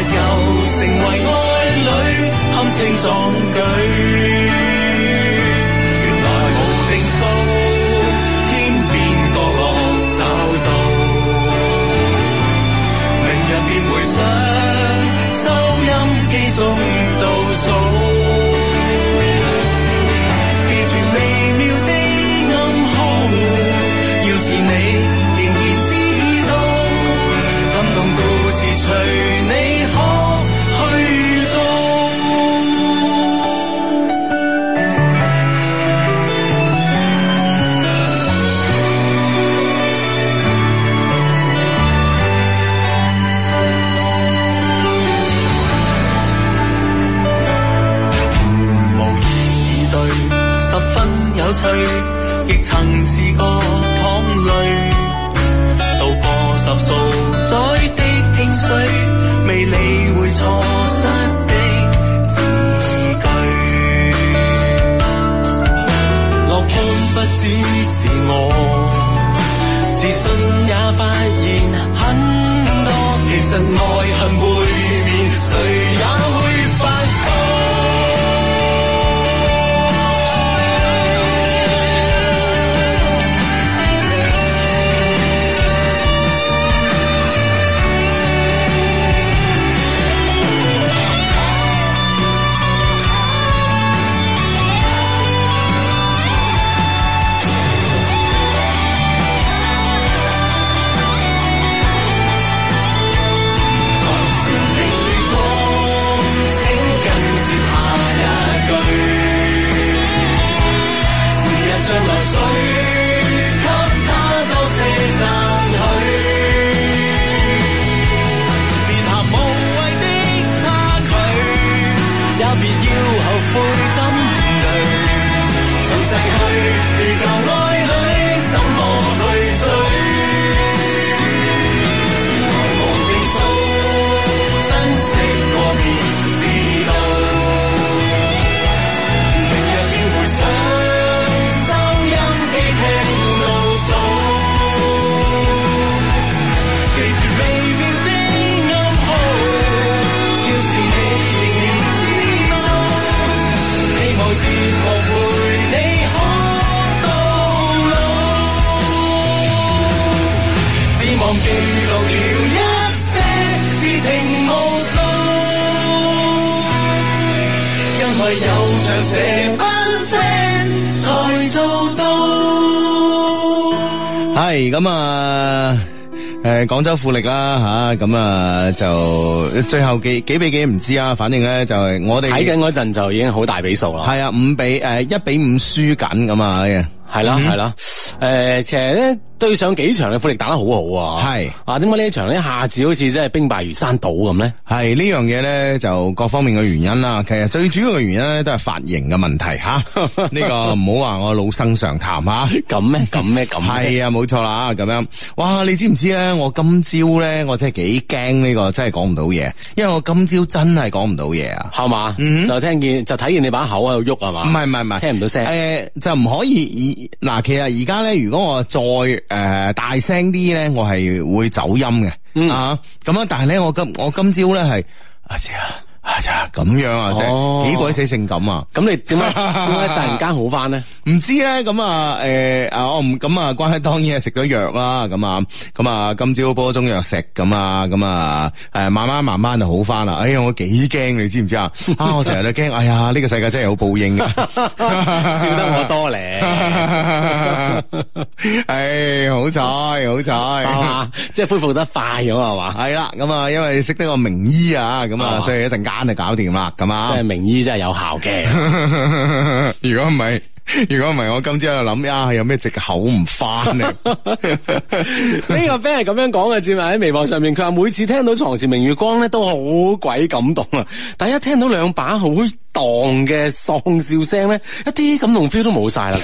又成為愛侶，堪稱壯舉。亦曾試過淌淚，渡過十數載的興衰，未理會錯失的字句。落空不只是我，自信也發現很多，其實愛恨背。廣州富力啦，吓咁啊，啊就最後幾幾比幾唔知啊，反正咧就係、是、我哋睇緊嗰陣就已經好大比數啦。係啊，五比誒一、呃、比五輸緊咁啊，係啦係啦，誒、呃、其實咧。對上幾場嘅富力打得好好啊，係是啊，點解呢場咧一下子好似真係兵敗如山倒咁咧？係呢樣嘢咧，就各方面嘅原因啦。其實最主要嘅原因咧，都係髮型嘅問題嚇。呢、 呢個唔好話我老生常談嚇。咁咩？咁咩？ 咁係 啊，冇錯啦啊，咁樣。哇！你知唔知咧？我今朝咧，我真係幾驚呢個，真係講唔到嘢，因為我今朝真係講唔到嘢啊，係嘛吧？Mm hmm. 就聽見就睇見你把口喺度喐啊嘛？唔係唔係唔係，聽唔到聲。誒、呃，就唔可以以嗱，其實而家咧，如果我再、呃呃誒、呃，大聲啲咧，我係會走音嘅、嗯啊，啊，咁樣，但係咧，我今我今朝咧係阿姐啊。啊，咁樣啊，哦、即係幾鬼死性感啊！咁你點解點解突然間好翻呢？唔 知咧，咁啊，誒、欸啊，我唔咁啊，關係當然係食咗藥啦，咁啊，咁啊，今朝煲咗中藥食，咁啊，咁啊，誒，慢慢慢慢就、哎知知啊哎這個、好翻 啦。 哎呀，我幾驚你知唔知啊？啊，我成日都驚，哎呀，呢個世界真係有報應啊。笑得我多咧，誒，好彩好彩，即係恢復得快咁啊嘛，係啦，咁啊，因為識得個名醫啊，咁啊，所以一陣間。單就搞掂啦，咁啊！即係名醫，真係有效嘅。 如果唔係，如果唔係我今朝喺度諗呀，有咩借口唔翻？呢？呢 個 friend 係咁樣講嘅，只咪喺微博上面，佢話每次聽到床前明月光咧，都好鬼感動啊！但係一聽到兩把好蕩嘅喪笑聲咧，一啲感動 feel 都冇晒啦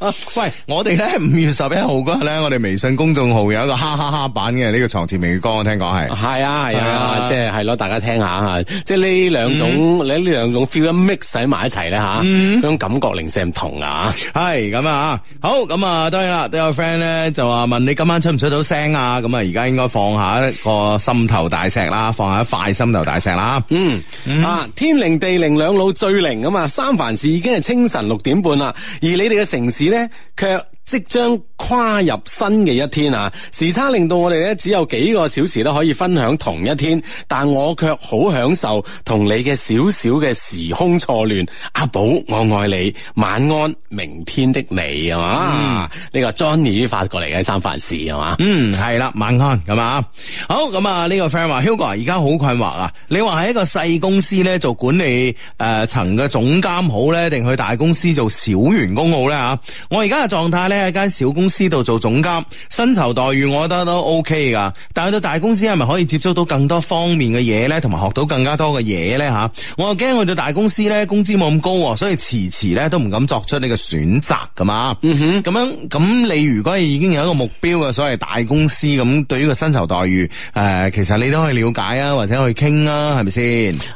咁。 喂，我哋咧五月十一號嗰日咧，我哋微信公眾號有一個哈哈哈，哈版嘅呢、這個床前明月光，我聽講係，係啊係啊，啊啊即係係咯，大家聽下吓，即係呢兩種你呢、嗯、兩種 feel 嘅 mix 喺埋一齊咧吓，嗯、種感。啊啊啊啊感覺零舍唔同啊，係咁啊，好咁啊，當然啦，都有 friend 咧就話問你今晚出唔出到聲啊？咁啊，而家應該放下一個心頭大石啦，放下一塊心頭大石啦。嗯，嗯啊，天靈地靈兩老最靈咁啊，三藩市已經係清晨六點半啦，而你哋嘅城市咧卻，卻即將跨入新嘅一天啊！時差令到我哋咧只有幾個小時咧可以分享同一天，但我卻好享受同你嘅小小嘅時空錯亂。阿寶，我愛你，晚安，明天的你啊嘛？呢個 Johnny 發過嚟嘅三藩市啊嘛？嗯，係啦，晚安咁啊！好咁啊，呢個 friend 話，Hugo 啊，而家好困惑啊！你話喺一個細公司咧做管理誒層嘅總監好咧，定去大公司做小員工好咧？吓，我而家嘅狀態咧。喺一間小公司度做總監，薪酬待遇我覺得都 OK 噶。但係去到大公司係咪可以接觸到更多方面嘅嘢咧，同埋學到更加多嘅嘢咧？吓，我又驚去到大公司咧，工資冇咁高，所以遲遲咧都唔敢作出呢個選擇噶嘛。嗯、哼，咁樣咁你如果已經有一個目標嘅所謂大公司咁，對於個薪酬待遇誒、呃，其實你都可以了解啊，或者去傾啊，係咪先？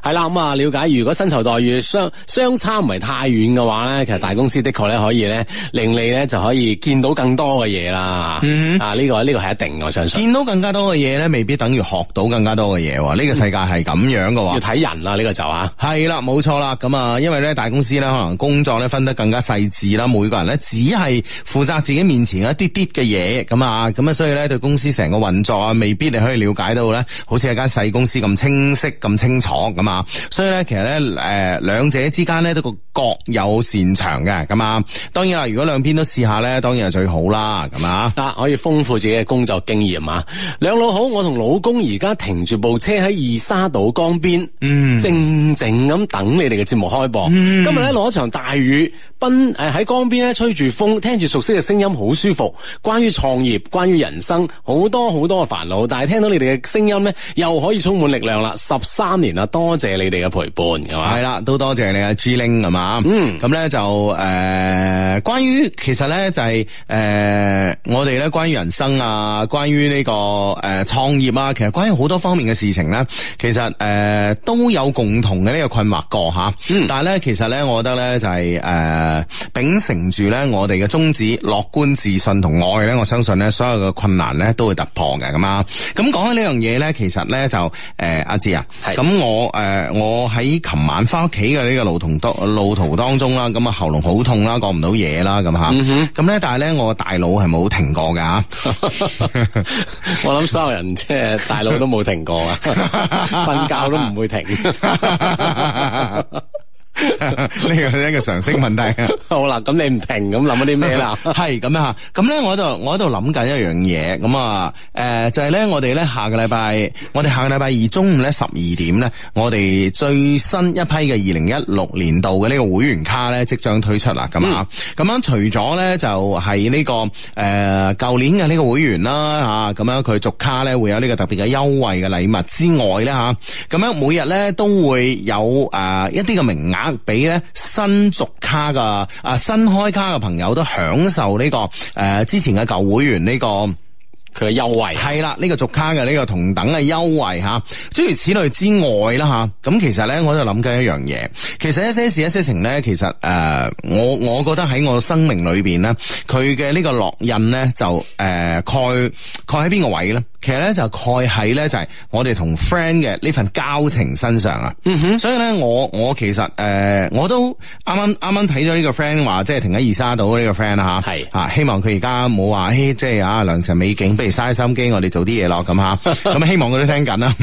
係啦，咁、嗯、啊，了解。如果薪酬待遇相相差唔係太遠嘅話咧，其實大公司的確咧可以咧令你咧就可以。見到更多嘅嘢啦，嗯、哼啊，呢個呢個係一定我相信。見到更加多嘅嘢咧，未必等於學到更加多嘅嘢。呢、嗯、個世界係咁樣嘅話，要睇人啦呢個就啊。係啦，冇錯啦。咁啊，因為咧大公司咧可能工作咧分得更加細緻啦，每個人咧只係負責自己面前一啲啲嘅嘢，咁啊，咁啊，所以咧對公司成個運作啊，未必你可以了解到咧，好似一間細公司咁清晰、咁清楚咁啊。所以咧，其實咧，誒兩者之間咧都個各有擅長嘅，咁啊。當然啦，如果兩邊都試下咧。當然係最好啦，咁啊，可以豐富自己嘅工作經驗啊。兩老好，我同老公而家停住部車喺二沙島江邊，嗯，靜靜咁等你哋嘅節目開播。嗯、今日咧落一場大雨，奔誒喺江邊咧吹住風，聽住熟悉嘅聲音好舒服。關於創業，關於人生，好多好多嘅煩惱，但係聽到你哋嘅聲音咧，又可以充滿力量啦。十三年啦，多謝你哋嘅陪伴，係嘛？係啦，都多謝你阿 Gling，係嘛？嗯，咁咧就誒、呃，關於其實咧就係。係誒、呃，我哋咧關於人生啊，關於呢、這個誒創、呃、業啊，其實關於好多方面嘅事情咧，其實誒都有共同嘅呢個困惑過吓。但係咧，其實咧，我覺得咧就係、是、誒、呃，秉承住咧我哋嘅宗旨，樂觀、自信同愛咧，我相信咧所有嘅困難咧都會突破嘅咁啊。咁講起呢樣嘢咧，其實咧就誒，阿志啊，係咁的我誒、呃、我喺琴晚翻屋企嘅呢個路同當路途當中啦，咁啊喉嚨好痛啦，講唔到嘢啦，咁吓，咁咧、mm。Hmm. 但係咧，我大腦係冇停過噶，我諗所有人即係大腦都冇停過啊，瞓覺都唔會停。呢 個係一個常識問題。 好啦，咁你唔停咁諗啲咩啦？係咁啊，咁咧， 我度我喺度諗緊一樣嘢。咁啊，誒、呃，就係、是、咧，我哋咧下個禮拜，我哋下個禮拜二中午咧十二點咧，我哋最新一批嘅二零一六年度嘅呢個會員卡咧，即將推出啦。咁、嗯、啊，咁樣除咗咧、這個，就係呢個誒，舊年嘅呢個會員啦，吓咁樣佢續卡咧會有呢個特別嘅優惠嘅禮物之外咧，吓咁樣每日咧都會有誒、啊、一啲嘅名額。俾咧新續卡噶啊新開卡嘅朋友都享受呢、這個誒、呃、之前嘅舊會員呢、這個。佢嘅優惠係啦，呢個續卡嘅呢個同等嘅優惠吓，諸如此類之外啦吓，咁其實咧，我就諗緊一樣嘢。其實一些事一些情咧，其實誒，我我覺得喺我生命裏邊咧，佢嘅呢個烙印咧，就誒蓋蓋喺邊個位咧？其實咧就蓋喺咧就係我哋同 friend 嘅呢份交情身上啊。嗯哼，所以咧我我其實誒我都啱啱啱啱睇咗呢個 friend 話，即係停喺二沙島呢個 friend 啦嚇，啊，是啊，希望佢而家冇話，嘿，即係啊，良辰美景，嘥心機，我哋做啲嘢咯，咁吓，咁 希望佢都聽緊啦。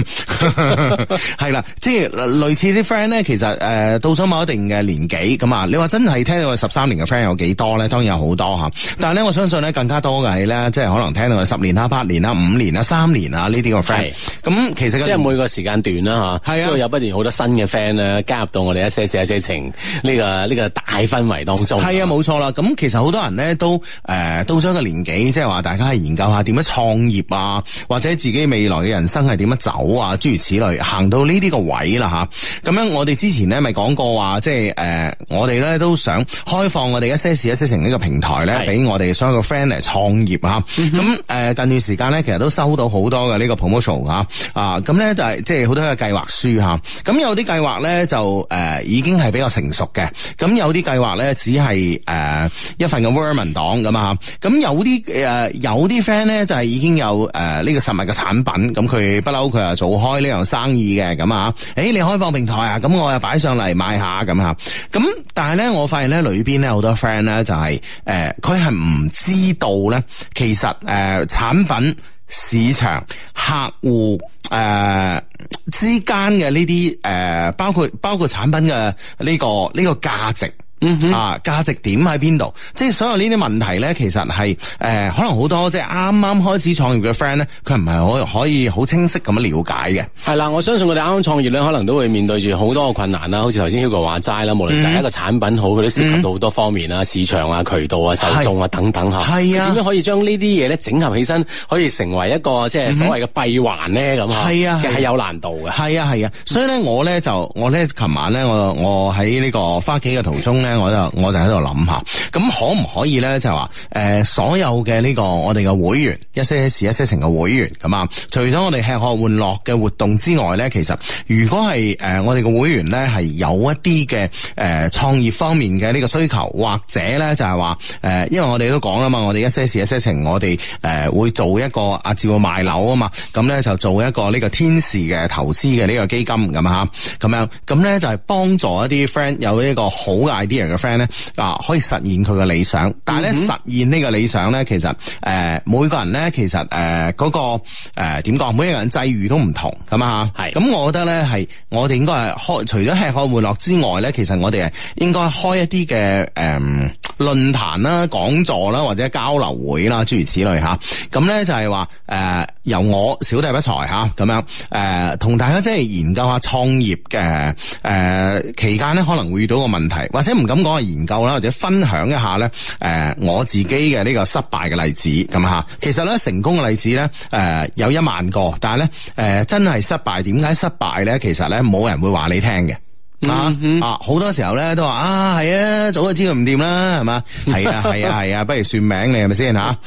係 啦，即係類似啲 friend 咧，其實誒、呃、到咗某一定嘅年紀，咁啊，你話真係聽到十三年嘅 friend 有幾多咧？當然有好多吓，但係咧我相信咧更加多嘅係咧，即係可能聽到十年啦、八年啦、五年啦、三年啊呢啲個 friend。咁是、嗯、其實、這個、即係每個時間段啦吓，啊、都有不斷好多新嘅 friend 咧加入到我哋一些事、一些情呢、這個呢、這個大氛圍當中。係啊，冇錯啦。咁其實好多人咧都誒、呃、到咗個年紀，即係話大家去研究下點樣。創業啊，或者自己未來嘅人生係點樣走啊？諸如此類，行到呢啲個位啦吓，咁樣，我哋之前咧咪講過話、啊，即係誒我哋咧都想開放我哋一些事一些成呢個平台咧，俾是我哋所有嘅 friend 嚟創業吓咁，誒近段時間咧，其實都收到好多嘅呢個 promotion 嚇啊！咁、啊、咧、啊、就係即係好多嘅計劃書吓咁、啊、有啲計劃咧就誒、呃、已經係比較成熟嘅，咁有啲計劃咧只係誒、呃、一份嘅 word 文檔咁嚇。咁、啊、有啲誒、呃、有啲 friend 咧就是。就是係已經有誒呢、呃這個實物嘅產品，咁佢不嬲佢又做開呢樣生意嘅，咁啊，誒、哎、你開放平台啊，咁我又擺上嚟買下，咁啊，咁但係咧，我發現咧裏邊咧好多 friend 咧就係誒佢係唔知道咧，其實誒、呃、產品市場客戶誒、呃、之間嘅呢啲誒包括包括產品嘅呢、這個呢、這個價值。嗯哼，啊，價值點喺邊度？即係所有呢啲問題咧，其實係誒、呃，可能好多即係啱啱開始創業嘅 friend 咧，佢唔係可可以好清晰咁樣了解嘅。係啦，我相信佢哋啱啱創業咧，可能都會面對住好多嘅困難啦。好似頭先 Hugo 話齋啦，無論就係一個產品好，佢都涉及到好多方面啊，市場啊、渠道啊、受眾啊等等吓。係啊，點樣可以將呢啲嘢咧整合起身，可以成為一個即係所謂嘅閉環咧？咁啊，係啊，係有難度嘅。係啊，係啊，啊，啊，啊，所以咧，我咧就我咧，琴晚咧，我我喺呢個翻屋企嘅途中。咧我就我就喺度諗下，咁可唔可以咧？就係話誒，所有嘅呢、這個我哋嘅會員，一些事一些情嘅會員，咁啊，除咗我哋吃喝玩樂嘅活動之外咧，其實如果係誒、呃、我哋嘅會員咧係有一啲嘅誒創業方面嘅呢個需求，或者咧就係話誒，因為我哋都講啦嘛，我哋一些事一些情，我哋誒、呃、會做一個阿兆賣樓啊嘛，咁咧就做一個呢個天使嘅投資嘅呢個基金咁啊，咁樣咁咧就係幫助一啲 friend 有呢個好大嘅 friend 咧啊可以實現佢嘅理想，但係咧實現呢個理想咧，其實誒每個人咧，其實誒嗰個誒點講，每個人際遇、呃、都唔同咁啊吓。係咁是、嗯，我覺得咧係我哋應該係開除咗吃喝玩樂之外咧，其實我哋係應該開一啲嘅誒論壇啦、講、嗯、座啦或者交流會啦諸如此類吓。咁咧就係話誒由我小弟不才吓咁樣誒同、呃、大家即係研究下創業嘅誒、呃、期間咧可能會遇到個問題或者。咁講下研究啦，或者分享一下咧，誒、呃、我自己嘅呢個失敗嘅例子咁吓，其實咧成功嘅例子咧，誒、呃、有一萬個，但係咧誒真係失敗，點解失敗咧？其實咧冇人會話你聽嘅。啊、mm hmm. 啊！好多時候咧都話啊，係啊，早都知佢唔掂啦，係嘛？係啊，係啊，係啊， 不如算命你係咪先吓？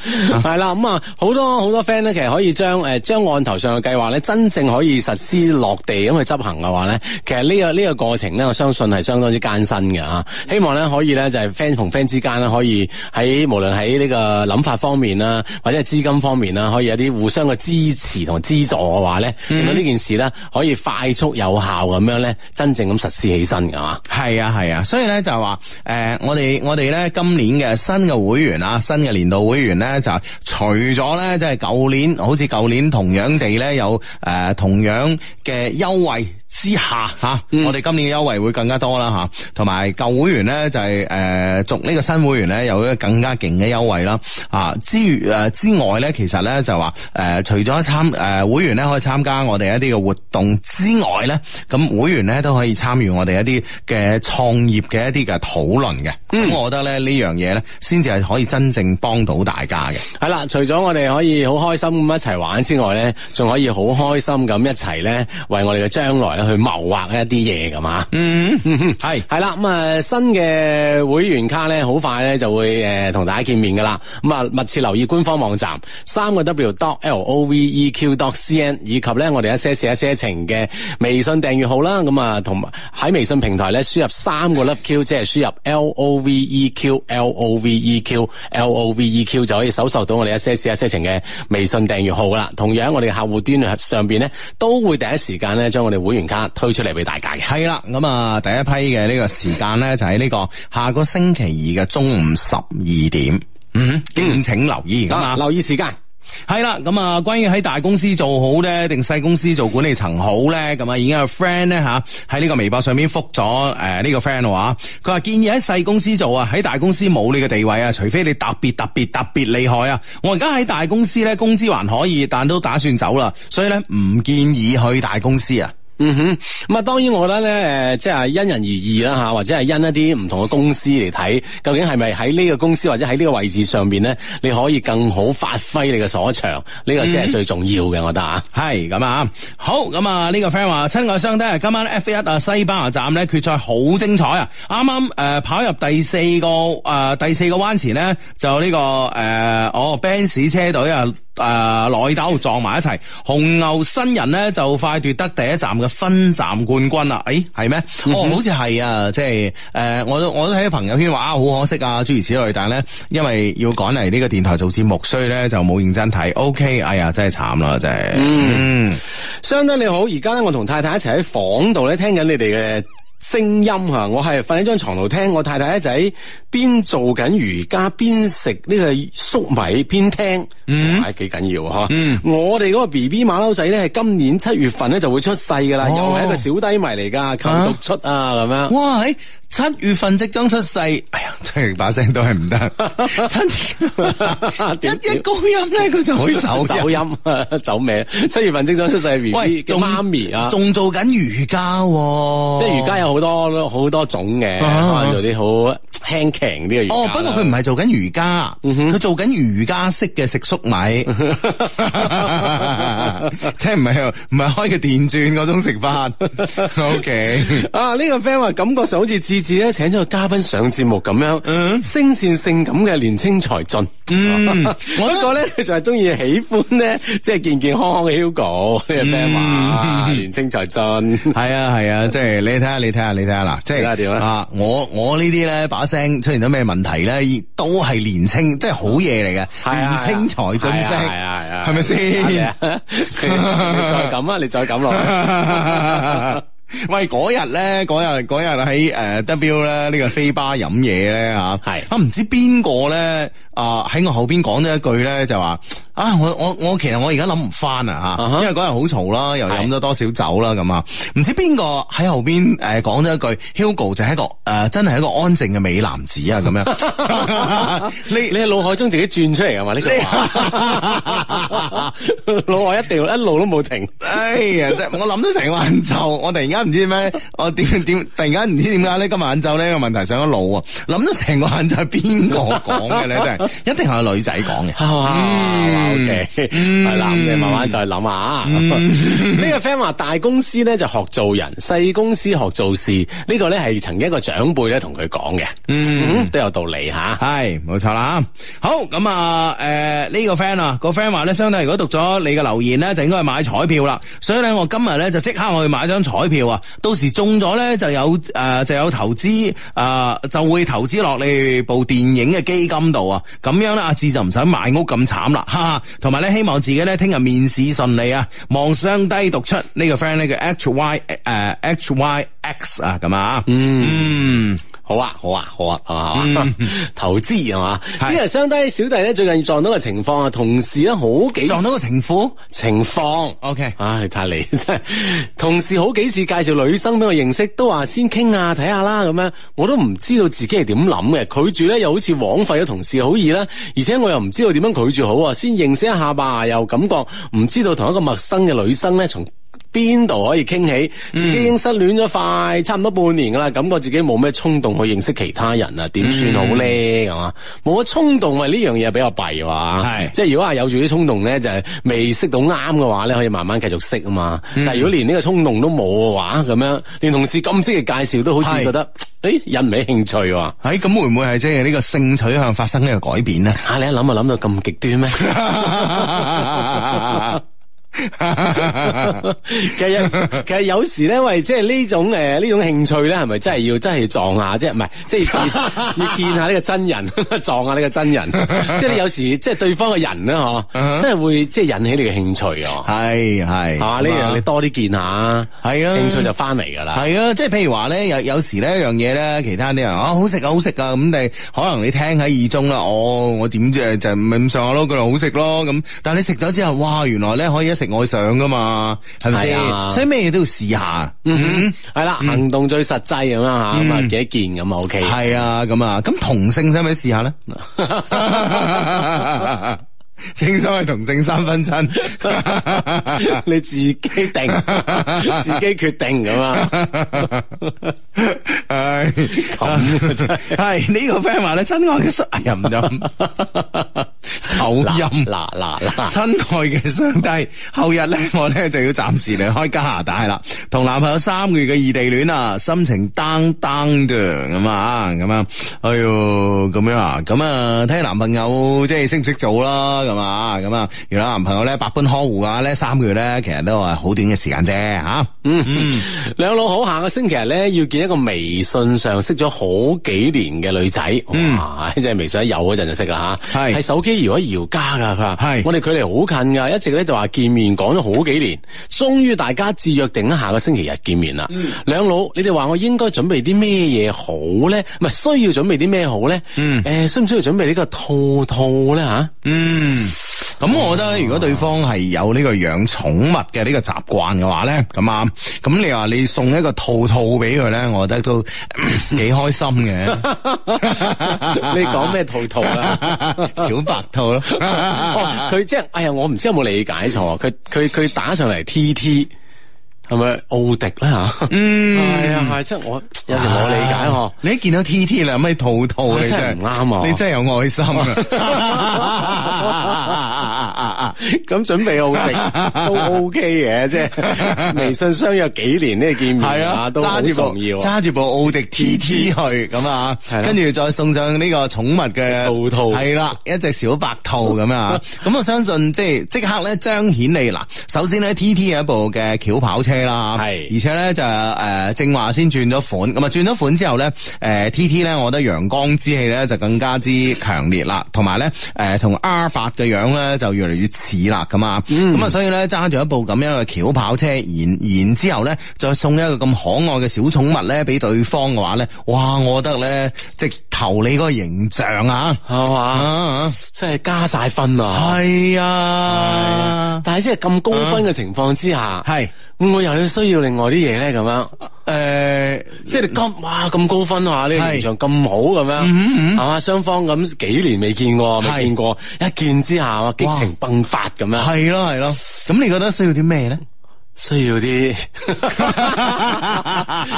係啦，咁啊，好多、嗯、好多 friend 咧，其實可以將誒將案頭上嘅計劃咧，真正可以實施落地咁去執行嘅話咧，mm hmm. 其實呢個、呢個過程咧，我相信係相當之艱辛嘅啊！希望咧可以咧就係 friend 同 friend 之間咧，可以喺無論喺呢個諗法方面啦，或者係資金方面啦，可以有啲互相嘅支持同資助嘅話咧，令到呢件事咧可以快速有效咁樣咧，真正咁實施、實施、mm hmm. 起身噶嘛係啊，係啊，所以咧就係話，誒、呃，我哋我哋咧今年嘅新嘅會員啊，新嘅年度會員咧就係除咗咧，即係舊年好似舊年同樣地咧有誒、呃、同樣嘅優惠。之下吓、啊,我哋今年嘅優惠會更加多啦吓，同埋舊會員咧就係誒續呢個新會員咧有一個更加勁嘅優惠啦啊！之餘誒、呃、之外咧，其實咧就話誒除咗參誒會員咧可以參加我哋一啲嘅活動之外咧，咁會員咧都可以參與我哋一啲嘅創業嘅一啲嘅討論嘅。咁我覺得咧呢樣嘢咧先至係可以真正幫到大家嘅。係啦，除咗我哋可以好開心咁一齊玩之外咧，仲可以好開心咁一齊咧為我哋嘅將來，去謀劃一啲嘢噶嘛？嗯、mm，係係啦，咁啊新嘅會員卡咧，好快咧就會誒同大家見面噶啦。咁啊密切留意官方網站三個 w dot l o v e q dot c n，以及咧我哋一些事一些情嘅微信訂閱號啦。咁啊同喺微信平台咧輸入三個 love q，即係輸入 l o v e q l o v e q l o v e q 就可以搜索到我哋一些事一些情嘅微信訂閱號啦。同樣我哋客戶端上邊咧都會第一時間咧將我哋會員。推出嚟俾大家嘅係啦。咁啊，第一批嘅呢個時間咧就喺、是、呢個下個星期二嘅中午十二點。嗯，敬請留意。咁啊、嗯，留意時間係啦。咁啊，關於喺大公司做好咧，定細公司做管理層好咧？咁啊，已經有 friend 咧吓喺呢個微博上面復咗誒呢個 friend 話，佢話建議喺細公司做啊，喺大公司冇你嘅地位啊，除非你特別特別特別厲害啊。我而家喺大公司咧，工資還可以，但都打算走啦，所以咧唔建議去大公司啊。嗯哼，咁啊，當然我覺得咧，誒、呃，即係因人而異啦吓，或者係因一啲唔同嘅公司嚟睇，究竟係咪喺呢個公司或者喺呢個位置上邊咧，你可以更好發揮你嘅所長，呢、這個先係最重要嘅，嗯、哼我覺得啊。係、嗯，咁啊，好，咁啊，呢個 friend 話，親愛雙低，今晚 F 一啊西班牙站咧決賽好精彩啊，啱啱誒跑入第四個誒、呃、第四個彎前咧，就呢、這個誒我、呃哦、Benz 車隊啊。誒，內、呃、斗撞埋一齊，紅牛新人咧就快奪得第一站嘅分站冠軍啦！誒、欸，係咩？ 哦，好似係啊，即係誒，我都我都睇到朋友圈話，好可惜啊，諸如此類。但係咧，因為要趕嚟呢個電台做節目，所以咧就冇認真睇。OK，哎呀，真係慘啦，真係。嗯，雙登、嗯、你好，而家咧我同太太一齊喺房度咧聽緊你哋嘅。聲音吓，我係瞓喺張床度聽，我太太一仔邊做緊瑜伽邊食呢個粟米邊聽，嗯，係幾緊要嗬。嗯、我哋嗰個 B B 馬騮仔咧，係今年七月份咧就會出世噶啦，哦、又係一個小低迷嚟噶，求獨出啊咁、啊、樣。哇，誒。七月份即將出世，哎呀，真係把聲都係唔得，一一高音咧，佢就可以走走音走尾。七月份即將出世。喂，做媽咪啊，仲做緊瑜伽，即係瑜伽有好多好多種嘅，做啲好輕強啲嘅嘢。哦，不過佢唔係做緊瑜伽，佢做緊瑜伽式嘅食粟米，即係唔係唔係開個電鑽嗰種食法。OK，啊，呢個 friend 話感覺上好似似咧請咗個嘉賓上節目咁樣，嗯、聲線性感嘅年青才俊。我 一個咧就係中意喜歡咧，即係健健康康嘅 Hugo，呢聲話年青才俊。係啊係啊，即係、啊啊、你睇下你睇下你睇下嗱，即係點啊？我我呢啲咧把聲出現咗咩問題咧，都係年青，即係好嘢嚟嘅。啊、年青才俊聲啊，啊，係咪先？啊、再咁啊！你再咁落。 喂，嗰日咧，嗰日嗰日喺誒 W 咧呢個飛吧飲嘢咧吓，係 啊唔知邊個咧啊喺我後邊講咗一句咧就話啊我我我其實我而家諗唔翻啊吓，uh huh. 因為嗰日好嘈啦，又飲咗多少酒啦咁 是啊，唔知邊個喺後邊誒講咗一句 Hugo 就係一個誒真係一個安靜嘅美男子啊咁樣， 你你係腦海中自己轉出嚟啊嘛呢句話？腦海一定一路都冇停，停，哎 呀，真 我諗咗成個晏晝，我突然間。唔知咩？我點點突然間唔知點解咧？今日晏晝呢個問題上咗腦 啊！諗咗成個晏晝係邊個講嘅咧？真係一定係個女仔講嘅。O K，係啦，我哋慢慢再諗下呢個 friend 話大公司咧就學做人，細公司學做事。呢、呢個咧係曾經一個長輩咧同佢講嘅。嗯，都有道理吓。係，冇錯啦。好咁啊，誒呢、呃呢個 friend 啊，個 friend 話咧，相對如果讀咗你嘅留言咧，就應該買彩票啦。所以咧，我今日咧就即刻我去買張彩票。到時中咗咧，就有誒、呃、就有投資啊、呃，就會投資落你部電影嘅基金度啊，咁樣咧，阿志就唔使賣屋咁慘啦，哈哈！同埋咧，希望自己咧聽日面試順利啊，望雙低讀出、這個、呢個 friend 咧叫 H Y 誒 H Y X 啊咁啊，嗯。嗯好啊好啊好啊，好啊。投資係嘛？因為相低小弟咧，最近撞到個情況啊，同事咧好幾撞到個情況，情況況。O K，唉，太離真係。同事好幾次介紹女生俾我認識，都話先傾下睇下啦咁樣，我都唔知道自己係點諗嘅，拒絕咧又好似枉費咗同事好意啦，而且我又唔知道點樣拒絕好啊，先認識一下吧，又感覺唔知道同一個陌生嘅女生咧從。邊度可以傾起？自己已經失戀咗快差唔多半年噶啦，感覺自己冇咩衝動去認識其他人啊？點算好咧？係嘛、嗯，冇乜衝動，呢樣嘢比較弊，係係是，即係如果話有住啲衝動咧，就係、是、未識到啱嘅話咧，可以慢慢繼續識啊嘛。但係如果連呢個衝動都冇嘅話，咁樣連同事咁識嘅介紹都好似覺得，誒是、欸，引唔起興趣。喎，咁、欸、會唔會係即係呢個性取向發生呢個改變呢？啊，你一諗就諗到咁極端咩？ 其實其實有時咧，喂即係呢種誒呢種興趣咧，係咪真係要真係撞下即啫？唔係即係要見下呢個真人，撞下呢個真人。即係你有時，即係對方嘅人咧嗬， 真係會即係、就是、引起你嘅興趣哦。係係 是啊，呢樣你多啲見下，係啊，興趣就翻嚟噶啦。係啊，即係譬如話咧，有有時咧，一樣嘢咧，其他啲人啊，好食啊，好食啊！」咁，你可能你聽喺耳中啦。哦，我點知就唔係咁上下咯，佢係好食咯咁。但係你食咗之後，哇，原來咧可以食我上噶嘛，係咪先？是啊、所以咩嘢都要試下，係啦、嗯，啊嗯、行動最實際咁啦吓，咁啊、嗯、幾多件咁啊？O K，係啊，咁啊，咁同性使唔使試下咧？ 正所謂同性三分親， 你自己定， 自己決定咁啊！唉， 咁真係呢個 friend 話咧，親愛嘅人唔得。哎呃呃呃口音啦啦啦！親愛嘅上帝，後日咧我咧就要暫時離開加拿大啦，同男朋友三個月嘅異地戀啊，心情 down down 哋咁啊，咁啊，哎喲，咁樣啊，咁啊，睇男朋友即係識唔識做啦，咁啊，咁啊，如果男朋友咧百般呵護嘅話咧，三個月咧其實都係好短嘅時間啫，吓，嗯，兩老好，下個星期日咧要見一個微信上識咗好幾年嘅女仔，哇，即係微信有嗰陣就識啦，吓，係，係手機。如果姚家噶，佢話係，是我哋距離好近噶，一直咧就話見面，講咗好幾年，終於大家自約定喺下個星期日見面啦。嗯、兩老，你哋話我應該準備啲咩嘢好咧？唔係需要準備啲咩好咧？誒、嗯呃，需唔需要準備個兔兔呢個套套咧？吓、啊，嗯。咁我覺得咧，嗯嗯、如果對方係有呢個養寵物嘅呢個習慣嘅話咧，咁啱，咁你話你送一個兔兔俾佢咧，我覺得都幾、嗯、開心嘅。你講咩兔兔啊？ 小白兔咯，佢即係，哎呀，我唔知有冇理解錯，佢佢佢打上嚟 T T。T T 係咪奧迪咧吓？嗯，係 啊，係，即係我有陣我理解嗬。啊、我你一見到 T T 啦，咩套套你真係唔啱啊！你真係、啊、有愛心啊！咁 準備奧迪都 O K 嘅，即係微信相約幾年呢？見、這、面、個、 啊，都好重要。揸住部奧迪 T T 去咁啊，跟住再送上呢個寵物嘅套兔，係啦肚子， 一隻小白兔咁 啊。咁 我相信即係即刻咧，彰顯你嗱。首先咧，T T 係一部嘅轎跑車。啦，係是，而且咧就誒正話先轉咗款，咁啊轉咗款之後咧，誒 T T 咧，TT、我覺得陽光之氣咧就更加之強烈啦，同埋咧誒同 R 八嘅樣咧就越嚟越似啦，咁啊，咁啊、嗯，所以咧揸住一部咁樣嘅轎跑車，然然之後咧再送一個咁可愛嘅小寵物咧俾對方嘅話咧，哇，我覺得咧即係求你嗰個形象啊，係嘛吧，真係加晒分啊，係啊，但係即係咁高分嘅情況之下，係我又。係需要另外啲嘢咧，咁樣誒，呃、即係你咁哇咁高分吓呢個現場咁好咁樣，係嘛雙方咁幾年未見過，未是見過一見之下激情迸發咁哇樣，係咯係咯，咁你覺得需要啲咩咧？需要啲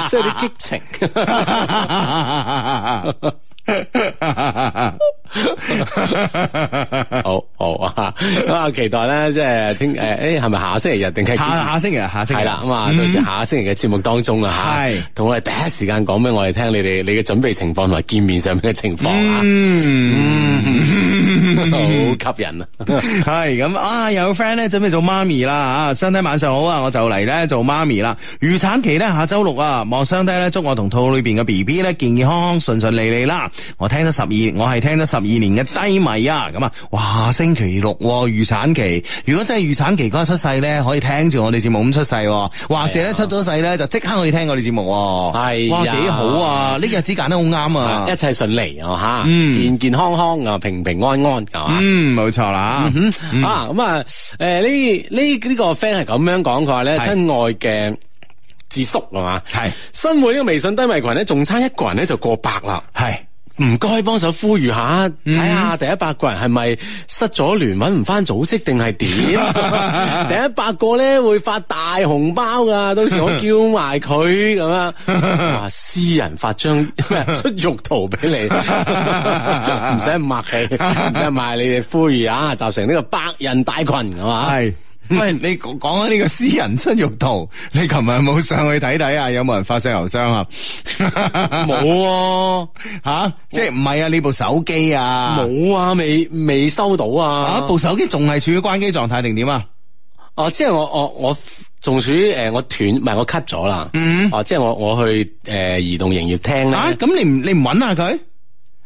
需要啲激情。 好好啊！咁、嗯、啊， 我期待咧，即係聽誒，誒係咪下星期日定係下下星期日？下星期係啦，咁啊，到時下星期嘅節了、嗯、目當中啊，吓同是我哋第一時間講俾我哋聽，你哋你嘅準備情況同埋見面上面嘅情況、嗯、啊，好、嗯嗯、 吸引啊！係咁、 嗯、啊，有 friend 咧準備做媽咪啦，啊，雙低晚上好啊，我就嚟咧做媽咪啦，預產期咧下周六啊，望雙低咧祝我同肚裏邊嘅 B B 咧健健康康、順順利利啦，我聽咗十二，我係聽咗十。二年嘅低迷啊，咁啊，哇！星期六預產期，如果真係預產期嗰日出世咧，可以聽住我哋節目咁出世，或者咧出咗世咧就即刻可以聽我哋節目。係哇，幾好啊！呢日子揀得好啱啊，一切順利啊，吓，健健康康啊，平平安安，係嗯，冇錯啦。啊，咁啊，誒，呢呢呢個 friend 係咁樣講嘅話咧，親愛嘅智叔，係嘛？係新會呢個微信低迷群咧，仲差一個人咧就過百啦，係。唔該，幫手呼籲下，睇下第一百個人係咪失咗聯，搵唔翻組織定係點？ 第一百個咧會發大紅包噶，到時我叫埋佢咁樣，話私人發張出獄圖俾你，唔使咁默契，唔使賣你哋呼籲啊，就成呢個百人大群咁啊。 唔係你講緊呢個私人出浴圖，你琴日有冇上去睇睇 啊？有冇人發上郵箱啊？冇吓，即係唔係啊？呢部手機啊？冇啊，未未收到啊？啊，部手機仲係處於關機狀態定點啊？哦，即係我我我仲處於誒我斷唔係我 cut 咗啦？嗯，哦，即係我我去誒移動營業廳咧。啊，咁你唔你唔搵下佢？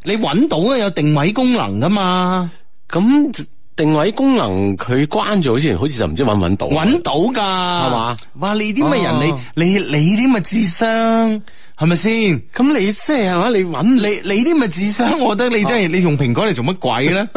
你搵到啊？有定位功能噶嘛？咁、啊。定位功能佢關咗先，好似就唔知搵唔搵到。搵到噶，係嘛吧？話你啲乜人？啊、你你你啲乜智商？係咪先？咁你即係嘛？你揾你你啲咪智商？我覺得你真係你用蘋果嚟做乜鬼咧？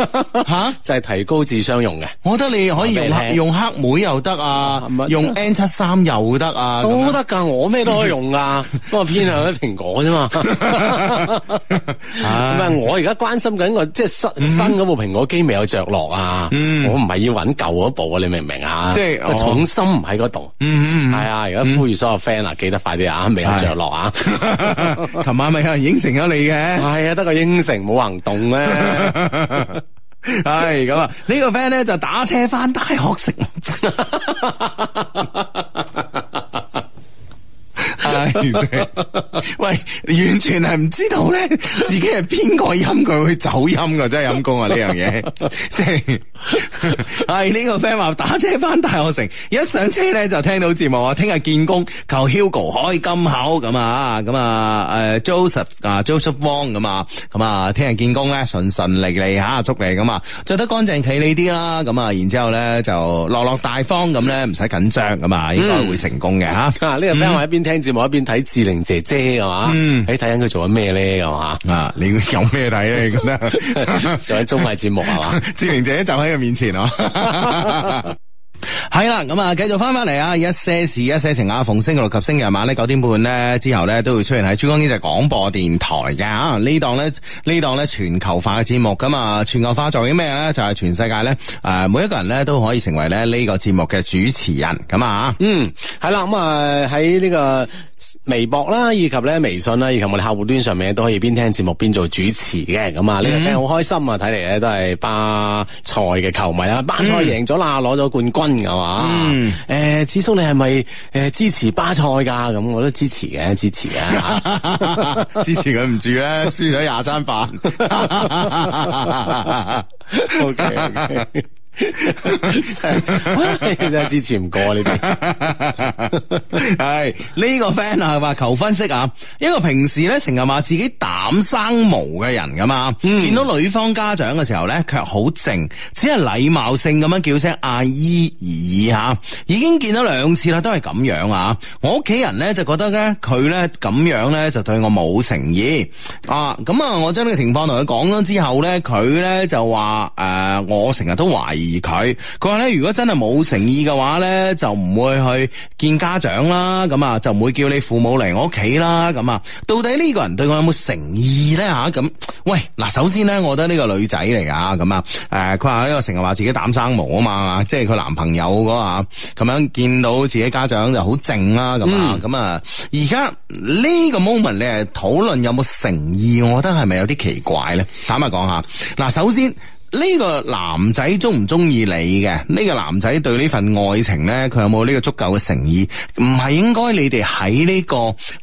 吓就係提高智商用嘅。我覺得你可以用用黑莓又得啊，用 N 七三又得啊，都得噶。我咩都用噶，不過我偏向啲蘋果啫嘛。咁啊，我而家關心緊個即係新新嗰部蘋果機未有着落啊？我唔係要揾舊嗰部啊！你明唔明啊？即係重心唔喺嗰度。嗯係啊！而家呼籲所有 friend 啊，記得快啲啊，未有着落啊！琴 晚咪應承咗你嘅，係啊、哎，得個應承冇行動咧，係咁啊， 個呢個 friend 咧就打車翻大學城。 喂， 完全係唔知道咧，自己係邊個音佢會走音噶，真係陰功啊！呢樣嘢，即係係呢個 friend 話打車翻大學城，一上車咧就聽到節目啊，聽日見工，求 Hugo 可以金口咁啊，咁啊，誒 Joseph 啊 Joseph Wong 咁啊，咁啊，聽日見工咧順順利利吓、啊，祝你咁啊着得乾淨企理啲啦，咁啊，然之後咧就落落大方咁咧，唔使緊張啊嘛、啊，應該會成功嘅吓。呢、啊嗯、 個 friend 話一邊聽節目、嗯、一邊。睇志玲姐姐係嘛？嗯，誒，睇緊佢做緊咩咧？係嘛？啊，你有咩睇咧？你覺得上喺綜藝節目係嘛？志 玲姐姐就喺佢面前啊！係啦， 咁啊，繼續翻翻嚟啊！一些事，一些情啊！逢星期六及星期日晚咧九點半咧之後咧，都會出現喺珠江經濟廣播電台嘅啊！呢檔咧呢檔咧全球化嘅節目噶嘛，全球化做緊咩咧？就係、是、全世界咧誒，每一個人咧都可以成為咧呢個節目嘅主持人咁啊！嗯，係啦，咁啊喺呢個。微博啦，以及咧微信啦，以及我哋客戶端上面都可以邊聽節目邊做主持嘅，咁啊呢個聽好開心啊！睇嚟咧都係巴塞嘅球迷啊，巴塞贏咗啦，攞咗 冠軍係嘛？誒，子、 欸、叔你係咪誒支持巴塞噶？咁我都支持嘅，支持嘅， 支持佢唔住咧，輸咗廿餐飯。OK。真係支持唔過呢啲，係呢 個 friend 啊，話求分析啊，一個平時咧成日話自己膽生毛嘅人噶嘛，嗯、見到女方家長嘅時候咧，卻好靜，只係禮貌性咁樣叫聲阿姨、啊、而已吓，已經見咗兩次啦，都係咁樣啊！我屋企人咧就覺得咧，佢咧咁樣咧就對我冇誠意啊！咁啊，我將呢個情況同佢講咗之後咧，佢咧就話誒、呃，我成日都懷疑。而佢，佢話咧如果真係冇誠意嘅話咧，就唔會去見家長啦，咁啊就唔會叫你父母嚟我屋企啦，咁啊到底呢個人對我有冇誠意咧吓？咁、啊、喂嗱，首先咧，我覺得呢個女仔嚟㗎，咁啊誒，佢話呢個成日話自己膽生毛啊嘛，即係佢男朋友嗰下咁樣見到自己家長就好靜啦，咁啊咁啊，而家呢個 moment 你係討論有冇誠意，我覺得係咪有啲奇怪咧？坦白講下，嗱、啊，首先。呢個男仔中唔中意你嘅？呢個男仔對呢份愛情咧，佢有冇呢個足夠嘅誠意？唔係應該你哋喺呢個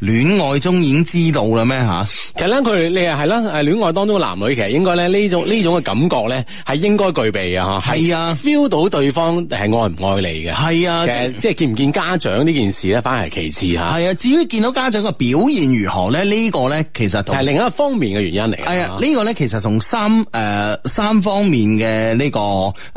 戀愛中已經知道啦咩吓？其實咧，佢你係啦，誒，戀愛當中嘅男女其實應該咧呢種呢種嘅感覺咧係應該具備啊吓。係啊，feel 到對方係愛唔愛你嘅。係啊，實這即係即係見唔見家長呢件事咧，反而係其次吓。係啊，至於見到家長嘅表現如何咧，呢個咧其實係另一個方面嘅原因嚟。係啊，呢個咧其實同三誒三,三方。三方方面嘅呢個